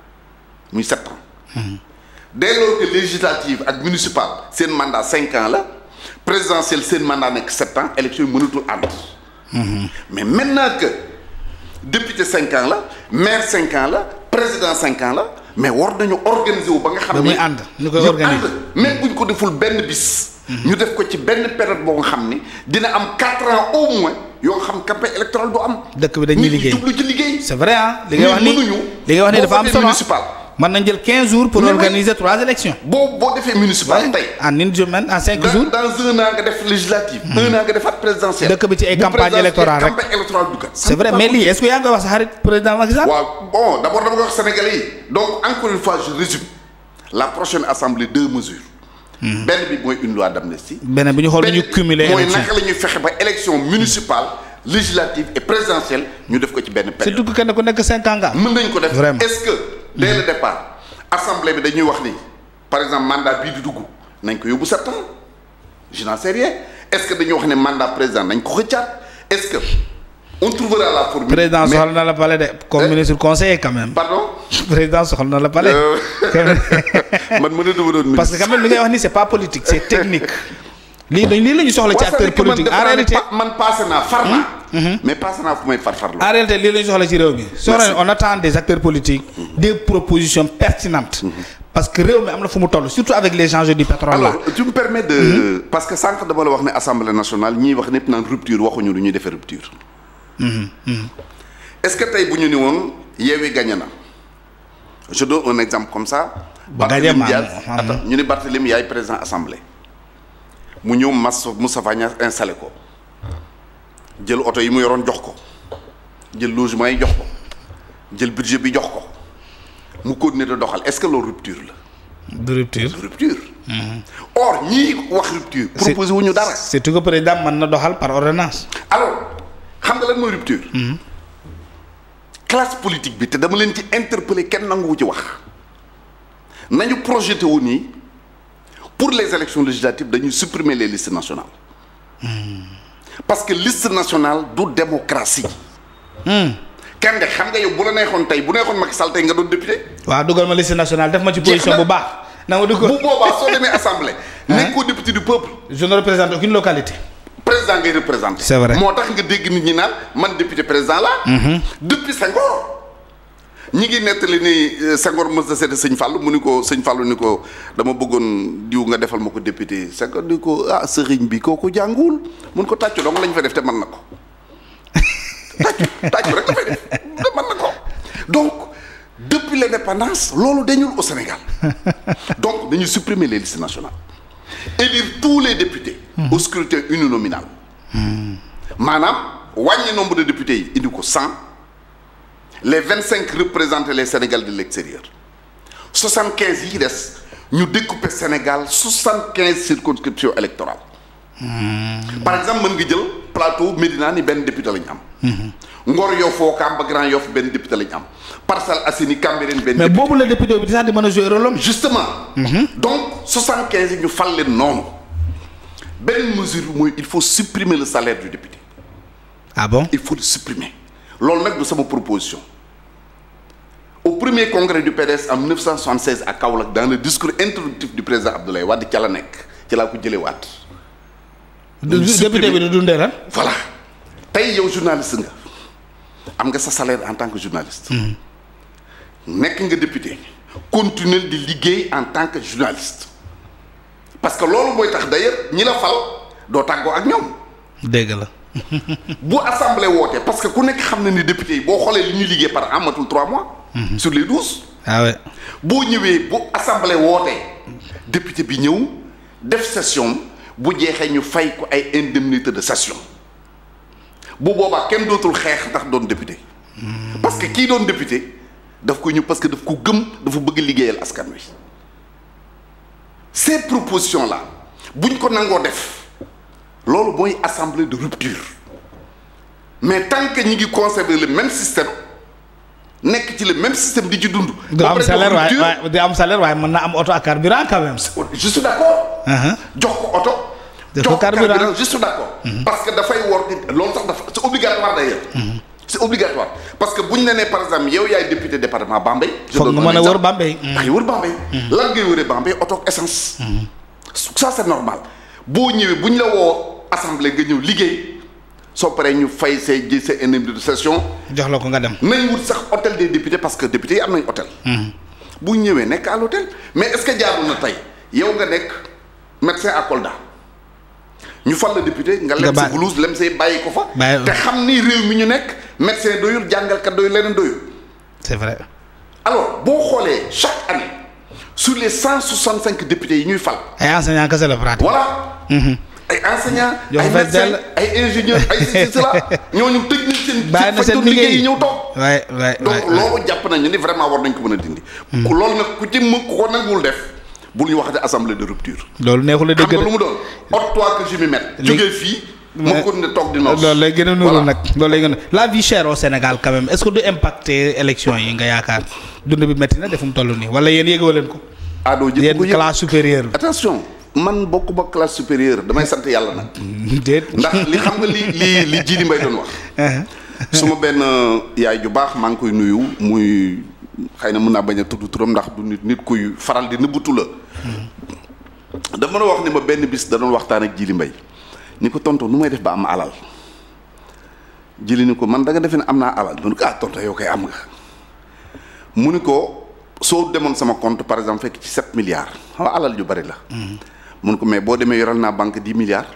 muy sept ans. dès lors que législative ak municipal seen mandat cinq ans la présidentiel seen mandat nekk sept ans élection yi mënatul ànd. mais maintenant que député cinq ans la maire cinq la président cinq ans la mais war nañu organiser wu ba nga xam ne. muy ànd ñu koy organiser même bu ñu ko deful benn bis. ñu def ko ci benn période boo nga xam ni dina am quatre ans au moins yoo xam campagne électorale du am. dëkk bi dañuy liggéey ñu jublu ci liggéey. c'est vrai ah li nga wax ni li nga wax ni dafa am solo municipal. man nañ jël 15 jours pour organiser trois élections boo boo defee municipal tey. en une semaine en cinq jours dans un an nga def législative. Hmm. un an nga defaat présidentielle. dëkk bi ci ay campagne électorale rek c'est vrai mais lii est-ce que yaa ngi wax sa xarit président Macky waaw bon d'abord dama koy wax sénégalais yi. donc encore une fois je résume la prochaine assemblée deux mesures. Hmm. benn bi mooy une loi d'amnistie. benn ñu xool ñu cumuler élection mooy ñu def ko ci benn période. surtout dès le départ assemblée bi dañuy wax ni par exemple mandat bii di dugg nañ ko yóbbu sept ans je n'en est-ce que dañuy wax ne mandat président nañ ko xëccaat est-ce que on trouvera la formule. président soxal na la palais de comme eh? ministre conseiller quand même. président soxal na la palais. Euh, man parce que quand même li ngay wax ni c'est pas politique c'est technique. lii dañ ñu soxla ci acteur politique en réalité man passé naa far Mhm. mais passé naa fu may farfarloo. en réalité lii la ñu soxla ci réew mi. soxla on attend des acteurs politiques. Mhm. des propositions pertinentes. Mhm. parce que réew mi am na fu mu toll surtout avec les enjeux du pétrole parce que sànq dama la wax ne assemblée nationale ñiy wax ñëpp naan rupture waxuñu lu ñu defee rupture. est-ce que tey bu ñu ni woon Yewwi gagné na je donne un exemple comme ça. Barthélémy Dias attends ñu ni Barthélémy yaay président assemblée. mu ñëw mu Moustapha Niasse installé ko. jël oto yi mu yoroon jox ko jël logement yi jox ko jël budget bi jox ko mu continuer de doxal est-ce que loolu rupture la. du rupture du mhm. or ñii wax rupture. proposé wu ñu dara. surtout que président mën na doxal par ordonnance. alors xam nga lan mooy rupture. Mhm. classe bi te dama leen ci interpeller kenn nanguwu ci wax nañu projette wu nii pour les élections législatives dañuy supprimer les listes nationales. Mmh. parce que liste nationale du démocratie. Hmm. kenn de xam nga yow bu la neexoon tey bu neexoon Macky Sall tey nga doon député. waaw dugal ma liste nationale def ma ci position bu baax. na nga dugal bu boobaa soo demee assemblée. nekkoo député du peuple. je ne représente aucune localité. président ngay représenté. c'est vrai moo tax nga dégg nit ñi naan man député président la. Mm-hmm. depuis Senghor. ñi ngi nettali ni euh, Senghor ma na seeti sëñ fàll mu ni ko sëñ Fallou ni ko dama bëggoon diw nga defal ma ko député Senghor ni ko ah sëriñ bi kooku jànguwul mun ko tàccu dong lañ fa def te mën na ko tàccu tàccu rek dafay def te mën na ko donc depuis l'indépendance loolu dañul Sénégal donc dañu supprimer les listes nationales élire tous les députés au scrutin uninominal hmm. maanaam wàññi nombre de députés yi indi ko cent les vingt cinq représentent les Sénégal de l'extérieur soixante quinze yi des ñu découper Sénégal soixante quinze circonscriptions électorales mmh. par exemple mën nga jël plateau Médina ni benn député la ñu am hmm. Ngor Yoff Ouakam ba Grand Yoff benn député la ñu am Parcelles Assainies Cambérène benn mais boobu la député bi sax di mën a jouer rôle justement mmh. donc soixante quinze yi ñu fal leen noonu benn mesure bi mooy il faut supprimer le salaire du député ah bon il faut le loolu nag sama proposition au premier congrès du PDS am 1976 à Kaolack dans le discours introductif du président Abdoulaye Wade ca la nekk ci laa ko jëlewaat. député bi du dundee lan. voilà tey yow journaliste nga am nga sa salaire en tant que journaliste. Mm-hmm. nekk nga député continuel di liggéey en tant que journaliste. parce que loolu mooy tax d'ailleurs ñi la fal doo tàggoo ak ñoom. dégg la. bu assemblée wootee parce que ku nekk xam ne ni député yi boo xoolee li ñuy liggéey par amatul trois mois. Mhm. sur les douze. ah boo ñëwee bu assemblée wootee. député bi ñëw def session bu jeexee ñu fay ko ay indemnité de session bu boobaa kenn dootul xeex ndax doon député. Mhm. parce que kii doon député daf ko ñu parce que daf ko gëm dafa bëgg liggéeyal askan wi. ces propositions là buñ ko nangoo def loolu mooy assemblée de rupture mais tant que ñu ngi conserver le même système. nekk ci le même système di ci dund. du am salaire waaye waaye di am salaire waaye mën na am oto ak carburant quand même. Oh, je suis d' uh-huh. jox ko oto. jox ko carburant je suis uh-huh. parce que dafay war di loolu sax dafa c' est obligatoire d' ailleurs. Uh-huh. c' obligatoire parce que bu ñu la nee par exemple yow yaay député département Bambey. foog nga mën a wër Bambey. ndax ah, wër Bambey. lan ngay wëree Bambey ak essence. ça c' normal boo ñëwee bu ñu la woo assemblée nga ñëw liggéey. soo paree ñu fay say ji sa indemnisation. jox la ko nga dem. nañ wut sax hôtel des députés parce que députés yi am nañ hôtel. Mhm. bu ñëwee nekk à l'hôtel mais est-ce que jaadu na tey yow nga nekk médecin à Kolda ñu fal la député. nga lem sa blouse lem say bàyyi ko fa. te xam ni réew mi ñu nekk médecin doyul jàngalkat doyul leneen doyul. c'est vrai. alors boo xoolee chaque année sur les cent soixante cinq députés yi ñuy fal. ay enseignants kese la pratique. voilà. Mhm. ay enseignants. ay médecins ay ingénieurs ay si si cela ñooñu tëj nañ seen. bàyyi na seen liggéey yi ñëw toog. waay waay donc loolu jàpp nañu ni vraiment war nañ ko mën a dindi. Hmm. loolu nag ku ci mën ko nanguwul def. bul ñu waxati assemblée de loolu neexul a dégg lu mu doon ot toi que fii. ne toog di noos loolu lay gën a nuru nag. loolu lay gën a la vie chère au Sénégal quand même est-ce que du impacter élection yi nga yaakaar dund bi métti na defum toll nii wala yéen yëgoo leen ko. ah doo jël ko yéen classe supérieure attention. man bokkuma classe supérieure damay sant yàlla nag. ndax li xam nga li li li Djily Mbaye doon wax. Uh-huh. suma benn uh, yaay ju baax maa ngi koy nuyu muy xëy na mun naa bañ a tudd turam ndax du nit nit kuy faral di nëbbatu la. Uh-huh. wax ni ma benn bis da waxtaan ak Djily Mbaye ni ko tonton nu may def ba alal Djily ni ko man da nga am naa alal donc ah yow koy am nga mu ni ko soo demoon sama compte par exemple fekk ci sept milliards xam alal ju bari la. Uh-huh. mun ko mais boo demee yoral naa banque di milliards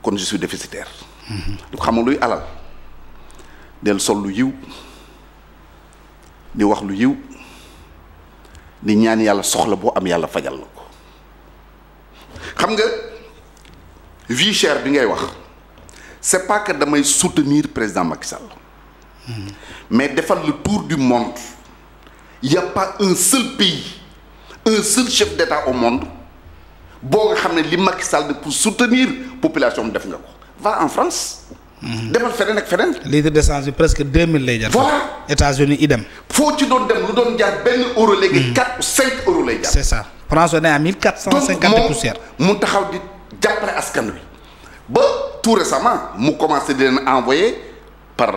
kon je suis déficitaire. Mhm. du luy alal del sol lu yiw di wax lu yiw di ñaan yàlla soxla boo am yàlla fajal la ko xam nga vie chère bi ngay wax c'est pas que damay soutenir président Macky Sall. Mhm. mais defal le tour du monde il y a pas un seul pays un seul chef d'État au monde. boo nga xam ne li Macky Sall pour soutenir population bi def nga ko va en France. Mhm. demal feneen ak feneen. litre d'essence bi presque deux mille lay jar. voilà États-Unis dem foo ci doon dem lu doon jaar benn euro léegi. Mhm. quatre cinq euros lay jar. c'est ça France on est à mille quatre cent cinquante poussière. mu taxaw di jàppale askan wi ba tout récemment mu commencé di leen envoyer par.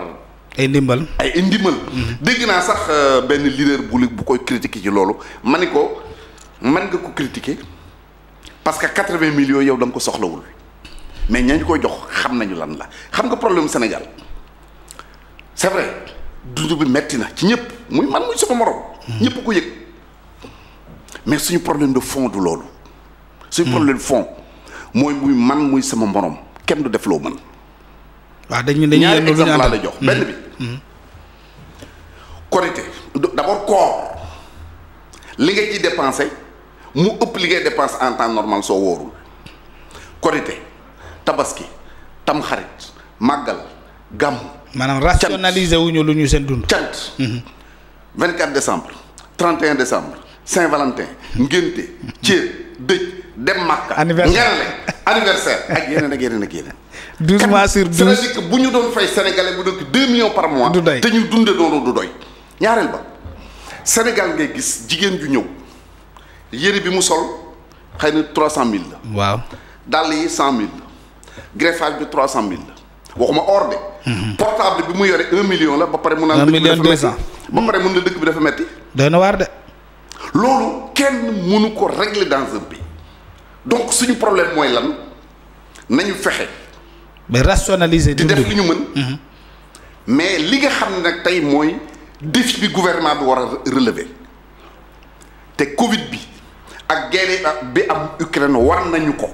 ay ndimbal ay ndimbal. Mhm. dégg naa sax euh, benn leader bu bu koy critiquer ci loolu ma ni ko man nga ko critiquer. parce que quatre-vingts millions yow da nga ko soxlawul mais ñañ koy jox xam nañu lan la xam nga problème Sénégal c'est vrai dund bi metti na ci ñëpp muy man muy sama morom. ñëpp ko yëg mais suñu problème de fond du loolu. suñu hmm. problème de fond mooy muy man muy sama morom kenn du def loo mën. waaw dañu dañuy ñaari exemple laa la jox benn bi. Hmm. Hmm. Korité d'abord koor li nga ciy dépensé. mu ëpp li ngay dépense en temps normal soo wóorul korite tabaski tamxarit màggal gàmm. maanaam rationaliser wu ñu lu ñu seen dund. cant. 24 mhm. décembre 31 décembre Saint-Valentin ngénte ceeb dëj dem Màkka. anniversaire ngerle anniversaire ak yeneen ak yeneen ak yeneen. 12 mois sur 12 c'est-à-dire que bu ñu doon fay sénégalais bu dëkk 2 millions par mois. du doy te ñu dundee noonu du doy. ñaareel ba Sénégal ngay gis jigéen ju ñëw. yére bi mu sol xëy na trois cent mille la. waaw dàll yi cent mille la greffage bi trois cent mille la waxuma or de. Mhm. portable bi mu yore un million la ba pare mun naan. un million deux cent ba pare mun na dëkk bi dafa metti doy na waar de. loolu kenn mënu ko régler dans un pays donc suñu problème mooy lan nañu fexe. mais rationaliser. di def lu ñu mën. Mhm. mais li nga xam ne nag tey mooy défi bi guvernement bi war a relever te Covid bi. ak guerre bi am Ukraine war nañu ko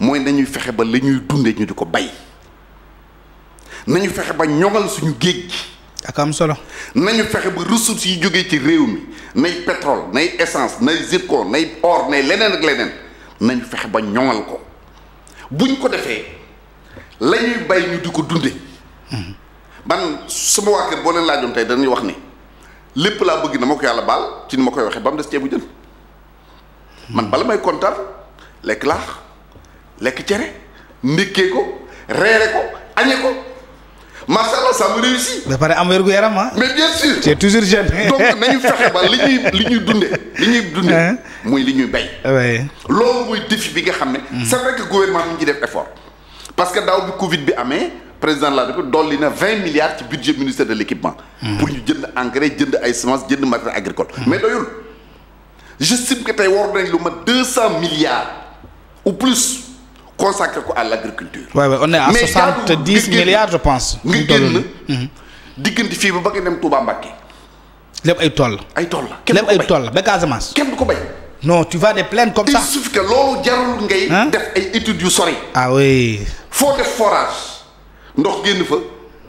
mooy nañuy fexe ba li ñuy dundee ñu di ko bay nañu fexe ba ñoŋal suñu géej gi. ak am solo. nañu fexe ba ressources yi jóge ci réew mi nay pétrole nay essence nay zircon nay or nay leneen ak leneen nañu fexe ba ñoŋal ko buñ ko defee la bay ñu di ko dunde mhm. man sama waa kër boo laa laajoon tey dañuy wax ni lépp laa bëgg na ma ko yàlla baal ci ni ma koy waxee ba mu des ceebu jën. man bala may kontaan lekk laax lekk cere ndékkee ko reere ko añee ko macha allah ça me réussit. pare am wér gu yaram ah. mais bien sûr. c'est toujours jeune. donc nañu fexe ba li ñuy li ñuy dundee li ñuy dundee. muy li ñuy bay. Ah loolu mooy défi bi nga xam ne. Hmm. c'est vrai que gouvernement bi ñu ci def effort. parce que daaw bi Covid bi amee président de la République dolli na vingt milliards ci budget ministère de l'équipement. Hmm. pour ñu jënd engrais jënd ay semences jënd matériel agricole. Hmm. mais doyul. j'estime que tey war nañ lu ma deux cent milliards ou plus consacré ko à l'agriculture. waaw ouais, ouais, on est à soixante-dix milliards je pense. nga génn mhm. diggante fii ba ba nga dem Touba Mbacké. lépp ay tool la. ay tool la lépp ay tool la ba kenn du ko béy. non tu vas des plaines comme ça. il suffit loolu jarul ngay. def ay études yu sori. ah oui. foo def forage ndox génn fa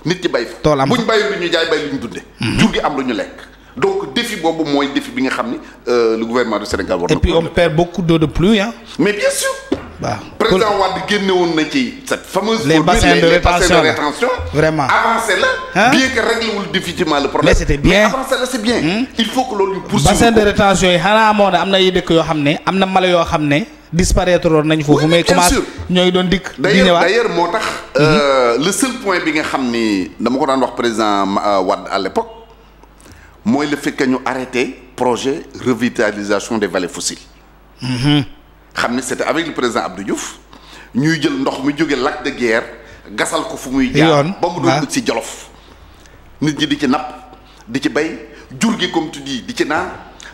nit ci bay fa. tool am buñ bayee lu ñu jaay bay lu ñu dundee. Mhm. jur gi am lu ñu lekk. donc défi boobu mooy défi bi nga xam ni euh, lu gouvernement du Sénégal war na. et puis on perd beaucoup d'eau de pluie hein. mais bien sûr. waaw président Wade génne woon na ci cette fameuse. les le hmm? faut que loolu ñu poursuivre bassin de rétention yi xanaa moo ne am na ay dëkk yoo xam ne am na mala yoo xam ne disparaître woon nañ foofu. mais commence ñooy doon dikk. di ñëwaat d'ailleurs moo tax. Mhm. Euh, le seul point bi nga xam ni dama ko daan wax président euh, Wade à l'époque mooy le fait ñu arrêté projet revitalisation des vallées fossiles mhm. xam ne c'était avec le président Abdou Diouf ñuy jël ndox mi jóge lac de guerre gasal ko fu muy jaar ba mu doon si Jolof nit ñi di ci napp di ci bay jur gi comme tu dis di ci naan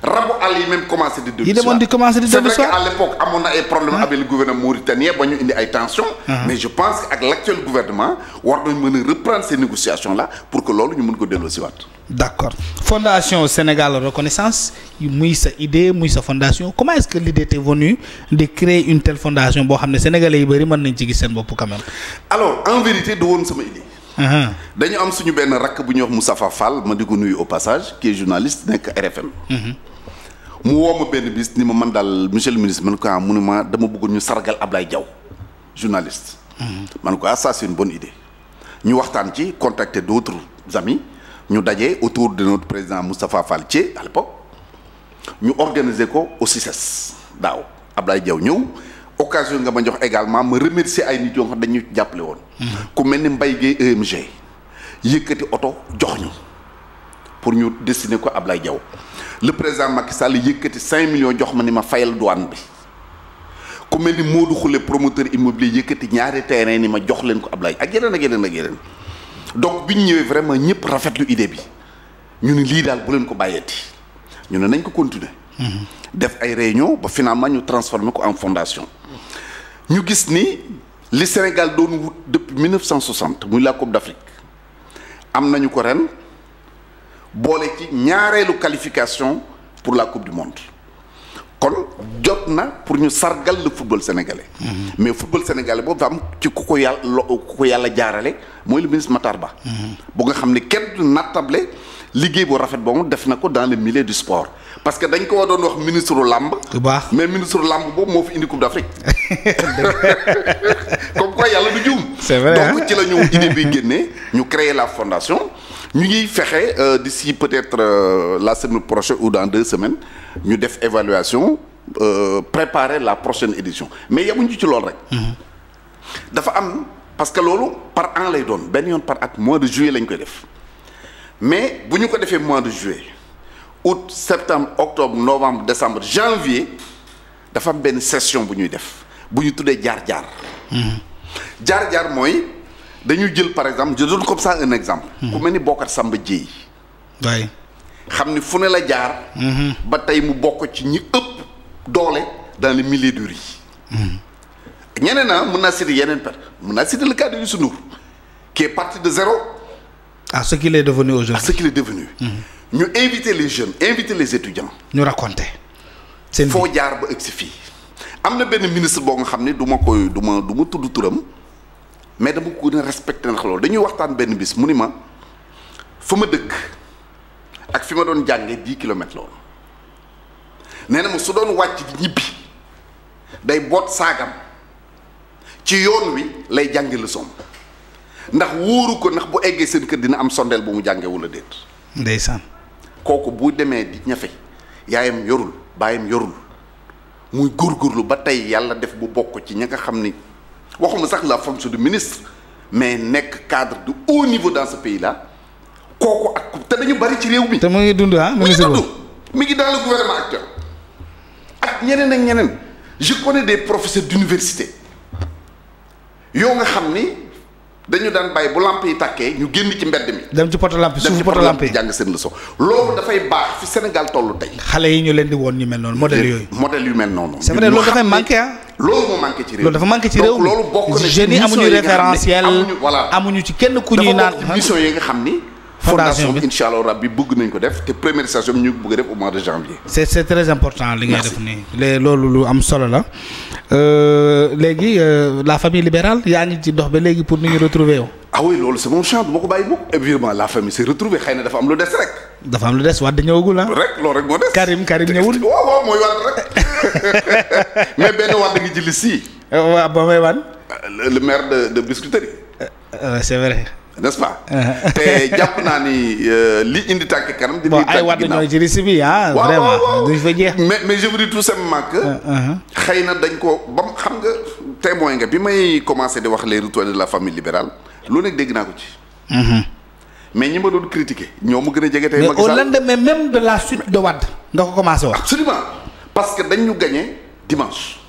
rabu àll yi même commencé di dellu. yi demoon di commencé di dellu soir c'est vrai qu'à l'époque amoon na ay problème avec le gouvernement mauritanien ba ñu indi ay tension mais je pense que ak l'actuel gouvernement war nañ mën a reprendre ces négociations là pour que loolu ñu mën ko delloosiwaat. d'accord fondation Sénégal Renaissance muy sa idée muy sa fondation comment est-ce que l'idée t'est venue de créer une telle fondation boo xam ne sénégalais yi bari mën nañ ci gis seen bopp quand même. alors en vérité du woon sama idée. dañu am suñu benn rakk bu ñuy wax Moustapha Fall ma di ko nuyu au passage qui est journaliste mu woo ma benn bis ni ma man daal monsieur le ministre man ko ah mu ma dama bëggoon ñu sargal Ablaye jaw journaliste. Mm-hmm. man ko ah bon c'est ñu waxtaan ci contacter d'autres amis ñu daje autour de notre président Moustapha Fall Thié à l'époque ñu organiser ko aussi CICES e daaw Ablaye Diaw ñëw occasion nga ma jox également ma remercier ay nit yoo xam dañu jàppale woon. Mm-hmm. ku mel ni Mbaye Gueye EMG yëkkati oto jox ñu. pour ñu destiné ko ab Ablaye Diaw le président Macky Sall yëkkati 5 millions jox ma ni ma fayal douane bi ku mel ni Modou Khoule promoteur immobilier yëkkati ñaari terrain ni ma jox leen ko Ablaye ak yeneen ak yeneen ak yeneen donc bi ñu ñëwee vraiment ñëpp rafetlu idée bi ñu ni lii daal bu leen ko bàyyeeti ñu ne nañ ko continuer. Mm-hmm. def ay réunion ba finalement ñu transformé ko en fondation. ñu gis ni li Sénégal doon wut depuis 1960 muy la Coupe d'Afrique am nañu ko ren. boole ci ñaareelu qualification pour la coupe du monde kon jot na pour ñu sargal la football sénégalais. Mhm. mais football sénégalais boobu dafa am ci ku ko yàlla yàlla jaarale mooy le ministre Matar Ba. Mhm. bu nga xam ne kenn du nattable liggéey bu rafet boobu def na ko dans le milieu du sport parce que dañ ko war doon wax ministre làmb baax mais ministre làmb boobu moo fi indi coupe d'Afrique comme quoi yàlla du juum. c'est vrai donc ci la ñu bi génnee ñu créer la fondation. ñu ngi fexe euh, d'ici peut-être euh, la semaine prochaine ou dans deux semaines ñu def évaluation euh, préparer la prochaine édition mais yemuñu ci loolu rek. Mm-hmm. dafa am parce que loolu par an lay doon benn yoon par at mois de juillet lañ koy def mais bu ñu ko defee mois de juillet août septembre octobre novembre décembre janvier dafa am benn session bu ñuy def bu ñu tuddee jaar-jaar. Mm-hmm. jaar-jaar mooy. dañu jël par exemple je donne comme ça un exemple. Hmm. ku mel ni Bocar Samba Dièye. waay xam ni fu ne la jaar. Hmm. ba tey mu bokk ci ñi ëpp doole dans les milliers de riz. Hmm. ñeneen ah mën naa citer yeneen per mun naa citer le cas de Youssou Ndour parti de zéro. à ce qu'il est devenu aujourd'hui à ce qu'il est devenu. ñu inviter les jeunes inviter les étudiants. ñu raconter. seen foo jaar ba egg si fii. am na benn ministre boo nga xam ne du ma koy du ma du ma tudd turam. mais dama ko gën a ndax loolu dañuy waxtaan benn bis mu ni ma fu ma dëkk ak fi ma doon jànge dix kilomètres loolu nee na ma su doon wàcc di ñibbi day boot saagam ci yoon wi lay jànge leçon ndax wóoru ko ndax bu eggee seen kër dina am sondeel bu mu jànge wala déet. ndeysaan. kooku bu demee di ñafe yaayam yorul baayam yorul muy góorgóorlu ba tey yàlla def bu bokk ci ña nga xam ni. waxuma sax la fonction de ministre mais nekk cadre du haut niveau dans ce pays kooku ak te dañu bari ci réew mi. te mu ngi dund ah ministre mi ngi dund mi ngi dans le gouvernement actuel ak ñeneen ak ñeneen je connais des professeurs d'université yoo nga xam ni dañu daan bàyyi bu lamp yi tàkkee ñu génn ci mbedd mi. dem ci poto lamp suufu poto lamp yi jàng seen leçon loolu dafay baax fi Sénégal tollu tey. xale yi ñu leen di woon ñu mel noonu modèle yooyu. modèle yu mel noonu. c'est vrai loolu moo manqué ci réew loolu dafa manqué ci réew loolu bokk na amuñu référentiel amuñu ci kenn ku ñuy naan mission yi nga xam ni fondation bi incha allah rabbi bëgg nañ ko def te première station bi ñu bëgg def au mois de janvier c'est c'est très important li ngay def nii loolu lu am solo la Euh, léegi euh, la famille libérale yaa ngi ci dox ba léegi pour nu ñu retrouver yow. ah oui loolu c'est mon champ du ma ko bàyyi mukk évidemment la famille s'est retrouvée xëy na dafa am lu des rek. dafa am lu des Wade ñëwagul ah. rek loolu rek moo des. Karim Karim ñëwul waaw waaw mooy Wade rek mais benn Wade ngi jëli sii. Euh, waaw ba may wan. le maire de de Biscuiterie. c'est vrai. n'est-ce pas. te jàpp naa ni euh, li indi tànk kanam. di indi tànk ginnaaw bon ay wàdd ñooy ci récip bi ah. vraiment duñ fa jeex. Ah, ah, ah. na dañ ko ba xam nga témoin nga bi may commencé di wax les retours la famille libérale lu nekk dégg naa ko ci. Mhm. mais ñi ma doon critiquer ñoo mu gën a jege tey. mais au lendemain même de la suite de Wade nga ko commencé wax. absolument parce que dañu ñu gagné dimanche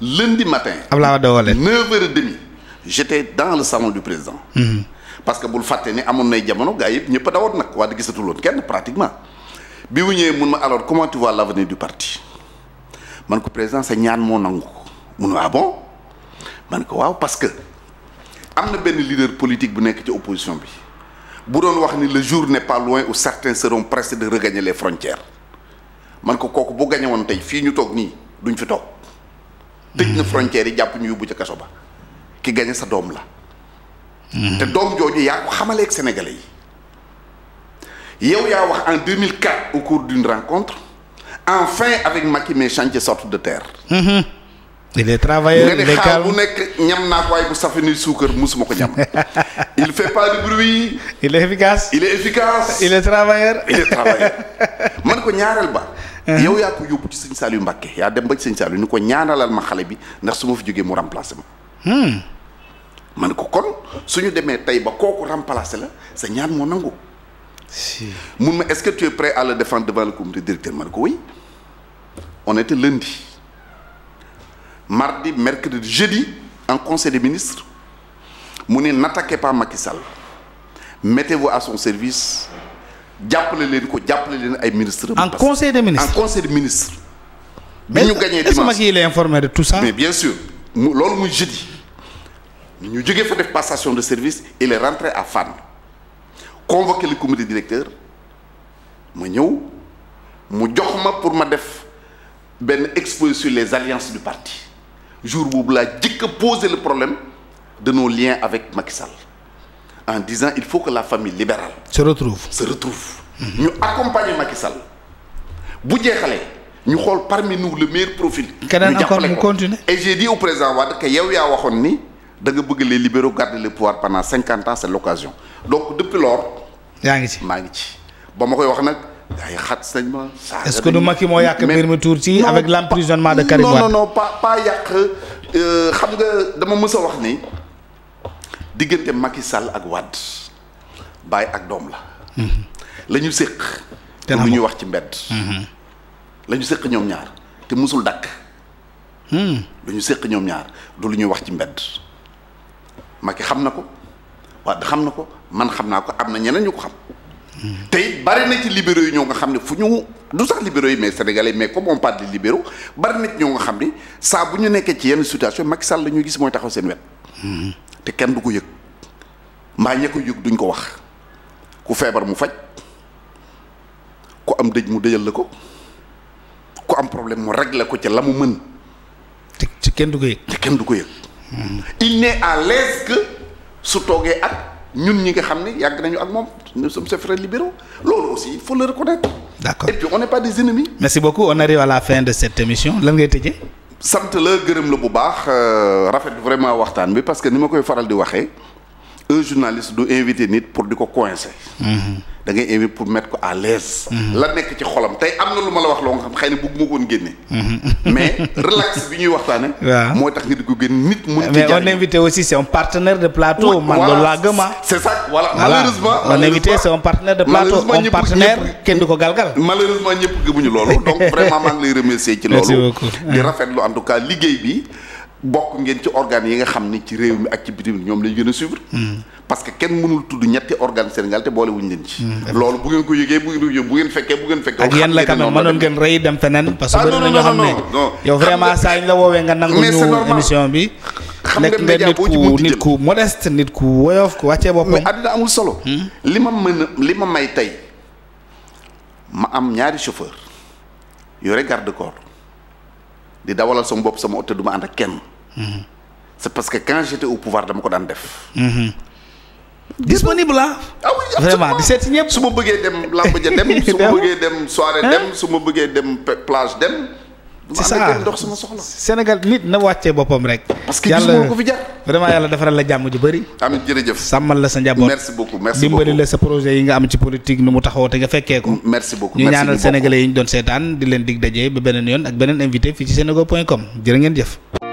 lundi matin. Abdoulaye Wade wala 9 j'étais dans le salon du président. Mmh. parce que bul fàtte ni amoon nay jamono gaa yëpp ñëpp dawoon nag wax dëgg gisatuloon kenn pratiquement bi mu ñëwee mun ma alors comment tu vois l'avenir du parti man ko président sa ñaan moo nangu ko mun waa ah bon man ko waaw parce que am na benn leader politique bu nekk ci opposition bi bu doon wax ni le jour n'est pas loin où certains seront pressés de regagner les frontières man ko kooku bu gañe woon tey fii ñu toog nii duñ fi toog tëj na mhm. frontières yi jàpp ñu yóbbu ca kaso ba ki gañe sa doom la te doom jooju yaa ko xamaleeg sénégalais yi yow yaa wax en 2004 au cours d'une rencontre enfin avec Macky mes chantiers de terre il est travailleur nga ne xaal bu nekk ñam naa ko waaye bu safe ni suukar musuma ko ñam il fait pas de bruit il est efficace il est efficace man ko ñaareel ba uh-huh. yow yaa ko yóbbu ci sëñ Saliou Mbacké yaa dem ba ci sëñ Saliou ni ko ñaanalal ma xale bi ndax su ma fi jógee mu remplacé man ko kon suñu demee tey ba kooku remplacé la sa ñaan moo nangu. si mun ma est-ce que tu es à le défendre devant le comité directeur man ko oui on était lundi mardi mercredi jeudi en conseil des ministre mu ne n'attaquez pas Macky Sall mettez-vous à son service jàppale leen ko jàppale leen ay ministre en conseil des ministres en conseil des ministres. bi ñu gagné dimanche est-ce tout ça. mais bien sûr loolu muy jeudi. ñu jógee fa def passation de service il est rentré à Fann convoqué le comité directeur ma ñëw mu jox ma pour ma def benn exposé les alliances du parti jour boobu laa jëkk a le problème de nos liens avec Macky Sall en disant il faut que la famille libérale se retrouve se retrouve ñu accompagner Macky Sall bu jeexalee ñu xool parmi nous le meilleur profil. ñu jàppale ko keneen encore mu continuer. et j'ai dit au président Wade que yow yaa waxoon ni. da bëgg les libéraux garder le pouvoir pendant cinquante ans c'est l'occasion donc depuis lors yaa ngi ci maa ngi ci ba ma koy wax nag ay xat sañ ma est-ce que du Macky moo yàq mbir mi tuur ci avec l'emprisonnement de Karim Wade non non pas pas yàq euh, xam nga dama mës a wax ni diggante Macky Sall ak Wade baay ak doom la mhm. lañu séq te lu ñuy wax ci mbedd mhm. la séq ñoom ñaar te mosul dakk hmm. lu ñu séq ñoom ñaar du lu ñuy wax ci mbedd Macky xam na ko Wade xam na ko man xam naa ko am na ñeneen ñu ko xam. te it bari ci libéraux yi ñoo nga xam ne fu ñu du sax libéraux yi mais sénégalais mais comme moom parle de libéraux bari na ci ñoo nga xam ni saa bu ñu nekkee ci yenn situation Macky Sall la ñuy gis mooy taxaw seen wet. te kenn du ko yëg mbaa ña ko yëg duñ ko wax ku feebar mu faj ku am dëj mu dëjal la ko ku am problème mu la ko ci la mu mën. te ci kenn du ko yëg. te kenn du ko yëg. il ne à l'aise que su toogee ak ñun ñi nga xam ne yàgg nañu ak moom su sommes ses frères libéraux loolu aussi il faut le reconnaître d'accord et puis on n'est pas des ennemis merci beaucoup on arrive à la fin de cette émission lan ngay tëjee sant la gërëm la bu baax euh, rafet vraiment waxtaan bi parce que ni ma koy faral di waxee un journaliste du invité nit pour di ko coincer. da ngay invité pour mettre ko à l'aise la nekk ci xolam tey am na lu ma la wax loo nga xam xëy na bëgg ma ko woon génne. mais relax bi ñuy waxtaane waaw mooy tax nga di ko génne nit. mun ci mais on invité aussi c'est un partenaire de plateau. man loolu laa gëm ah. c'est ça voilà malheureusement. on invité c'est un partenaire kenn ko galgal. malheureusement ñëpp gëmuñu loolu donc vraiment maa ngi lay remercier ci loolu. di rafetlu en tout cas liggéey bi. bokk ngeen ci organes yi nga xam ni ci réew mi ak ci bitim ñoom lañ gën a suivre. parce que kenn mënul tudd ñetti organe Sénégal te boole wuñ leen ci. Mm, loolu bu ngeen ko yëgee bu ngeen bu ngeen fekkee bu ngeen fekkee. ak yan la quand même ngeen rëy dem feneen. parce que bëri na saa ñu woowee nga nangu ñu émission bi. xam nga média boo ci nekk nga nit ku nit ku modeste nit ku woyof ko wàccee boppam. mais àddina amul solo. Hmm? li ma mën li ma may tey ma am ñaari chauffeur yore garde corps di dawalal sama bopp sama oto du ma ànd ak kenn. Mhm. c'est parce que quand j'étais au pouvoir dama ko daan def. Mhm. disponible ah. ah oui vraiment di seet si ñëpp. su ma bëggee dem làmb ja dem su ma ah bëggee dem soirée dem su ma bëggee dem plage dem. c'est ça ndox sama soxla Sénégal nit na wàccee boppam rek. parce que yàlla ko fi jar vraiment yàlla defaral la jàmm ju bëri. amiin jërëjëf sàmmal la sa njaboot. merci beaucoup merci beaucoup dimbali la sa projet yi nga am ci politique nu mu taxawoo te nga fekkee ko. merci beaucoup ñu ñaanal sénégalais yi ñu doon seetaan di leen dig dajee ba beneen yoon ak beneen invité fii ci senego point com jërë ngeen jëf.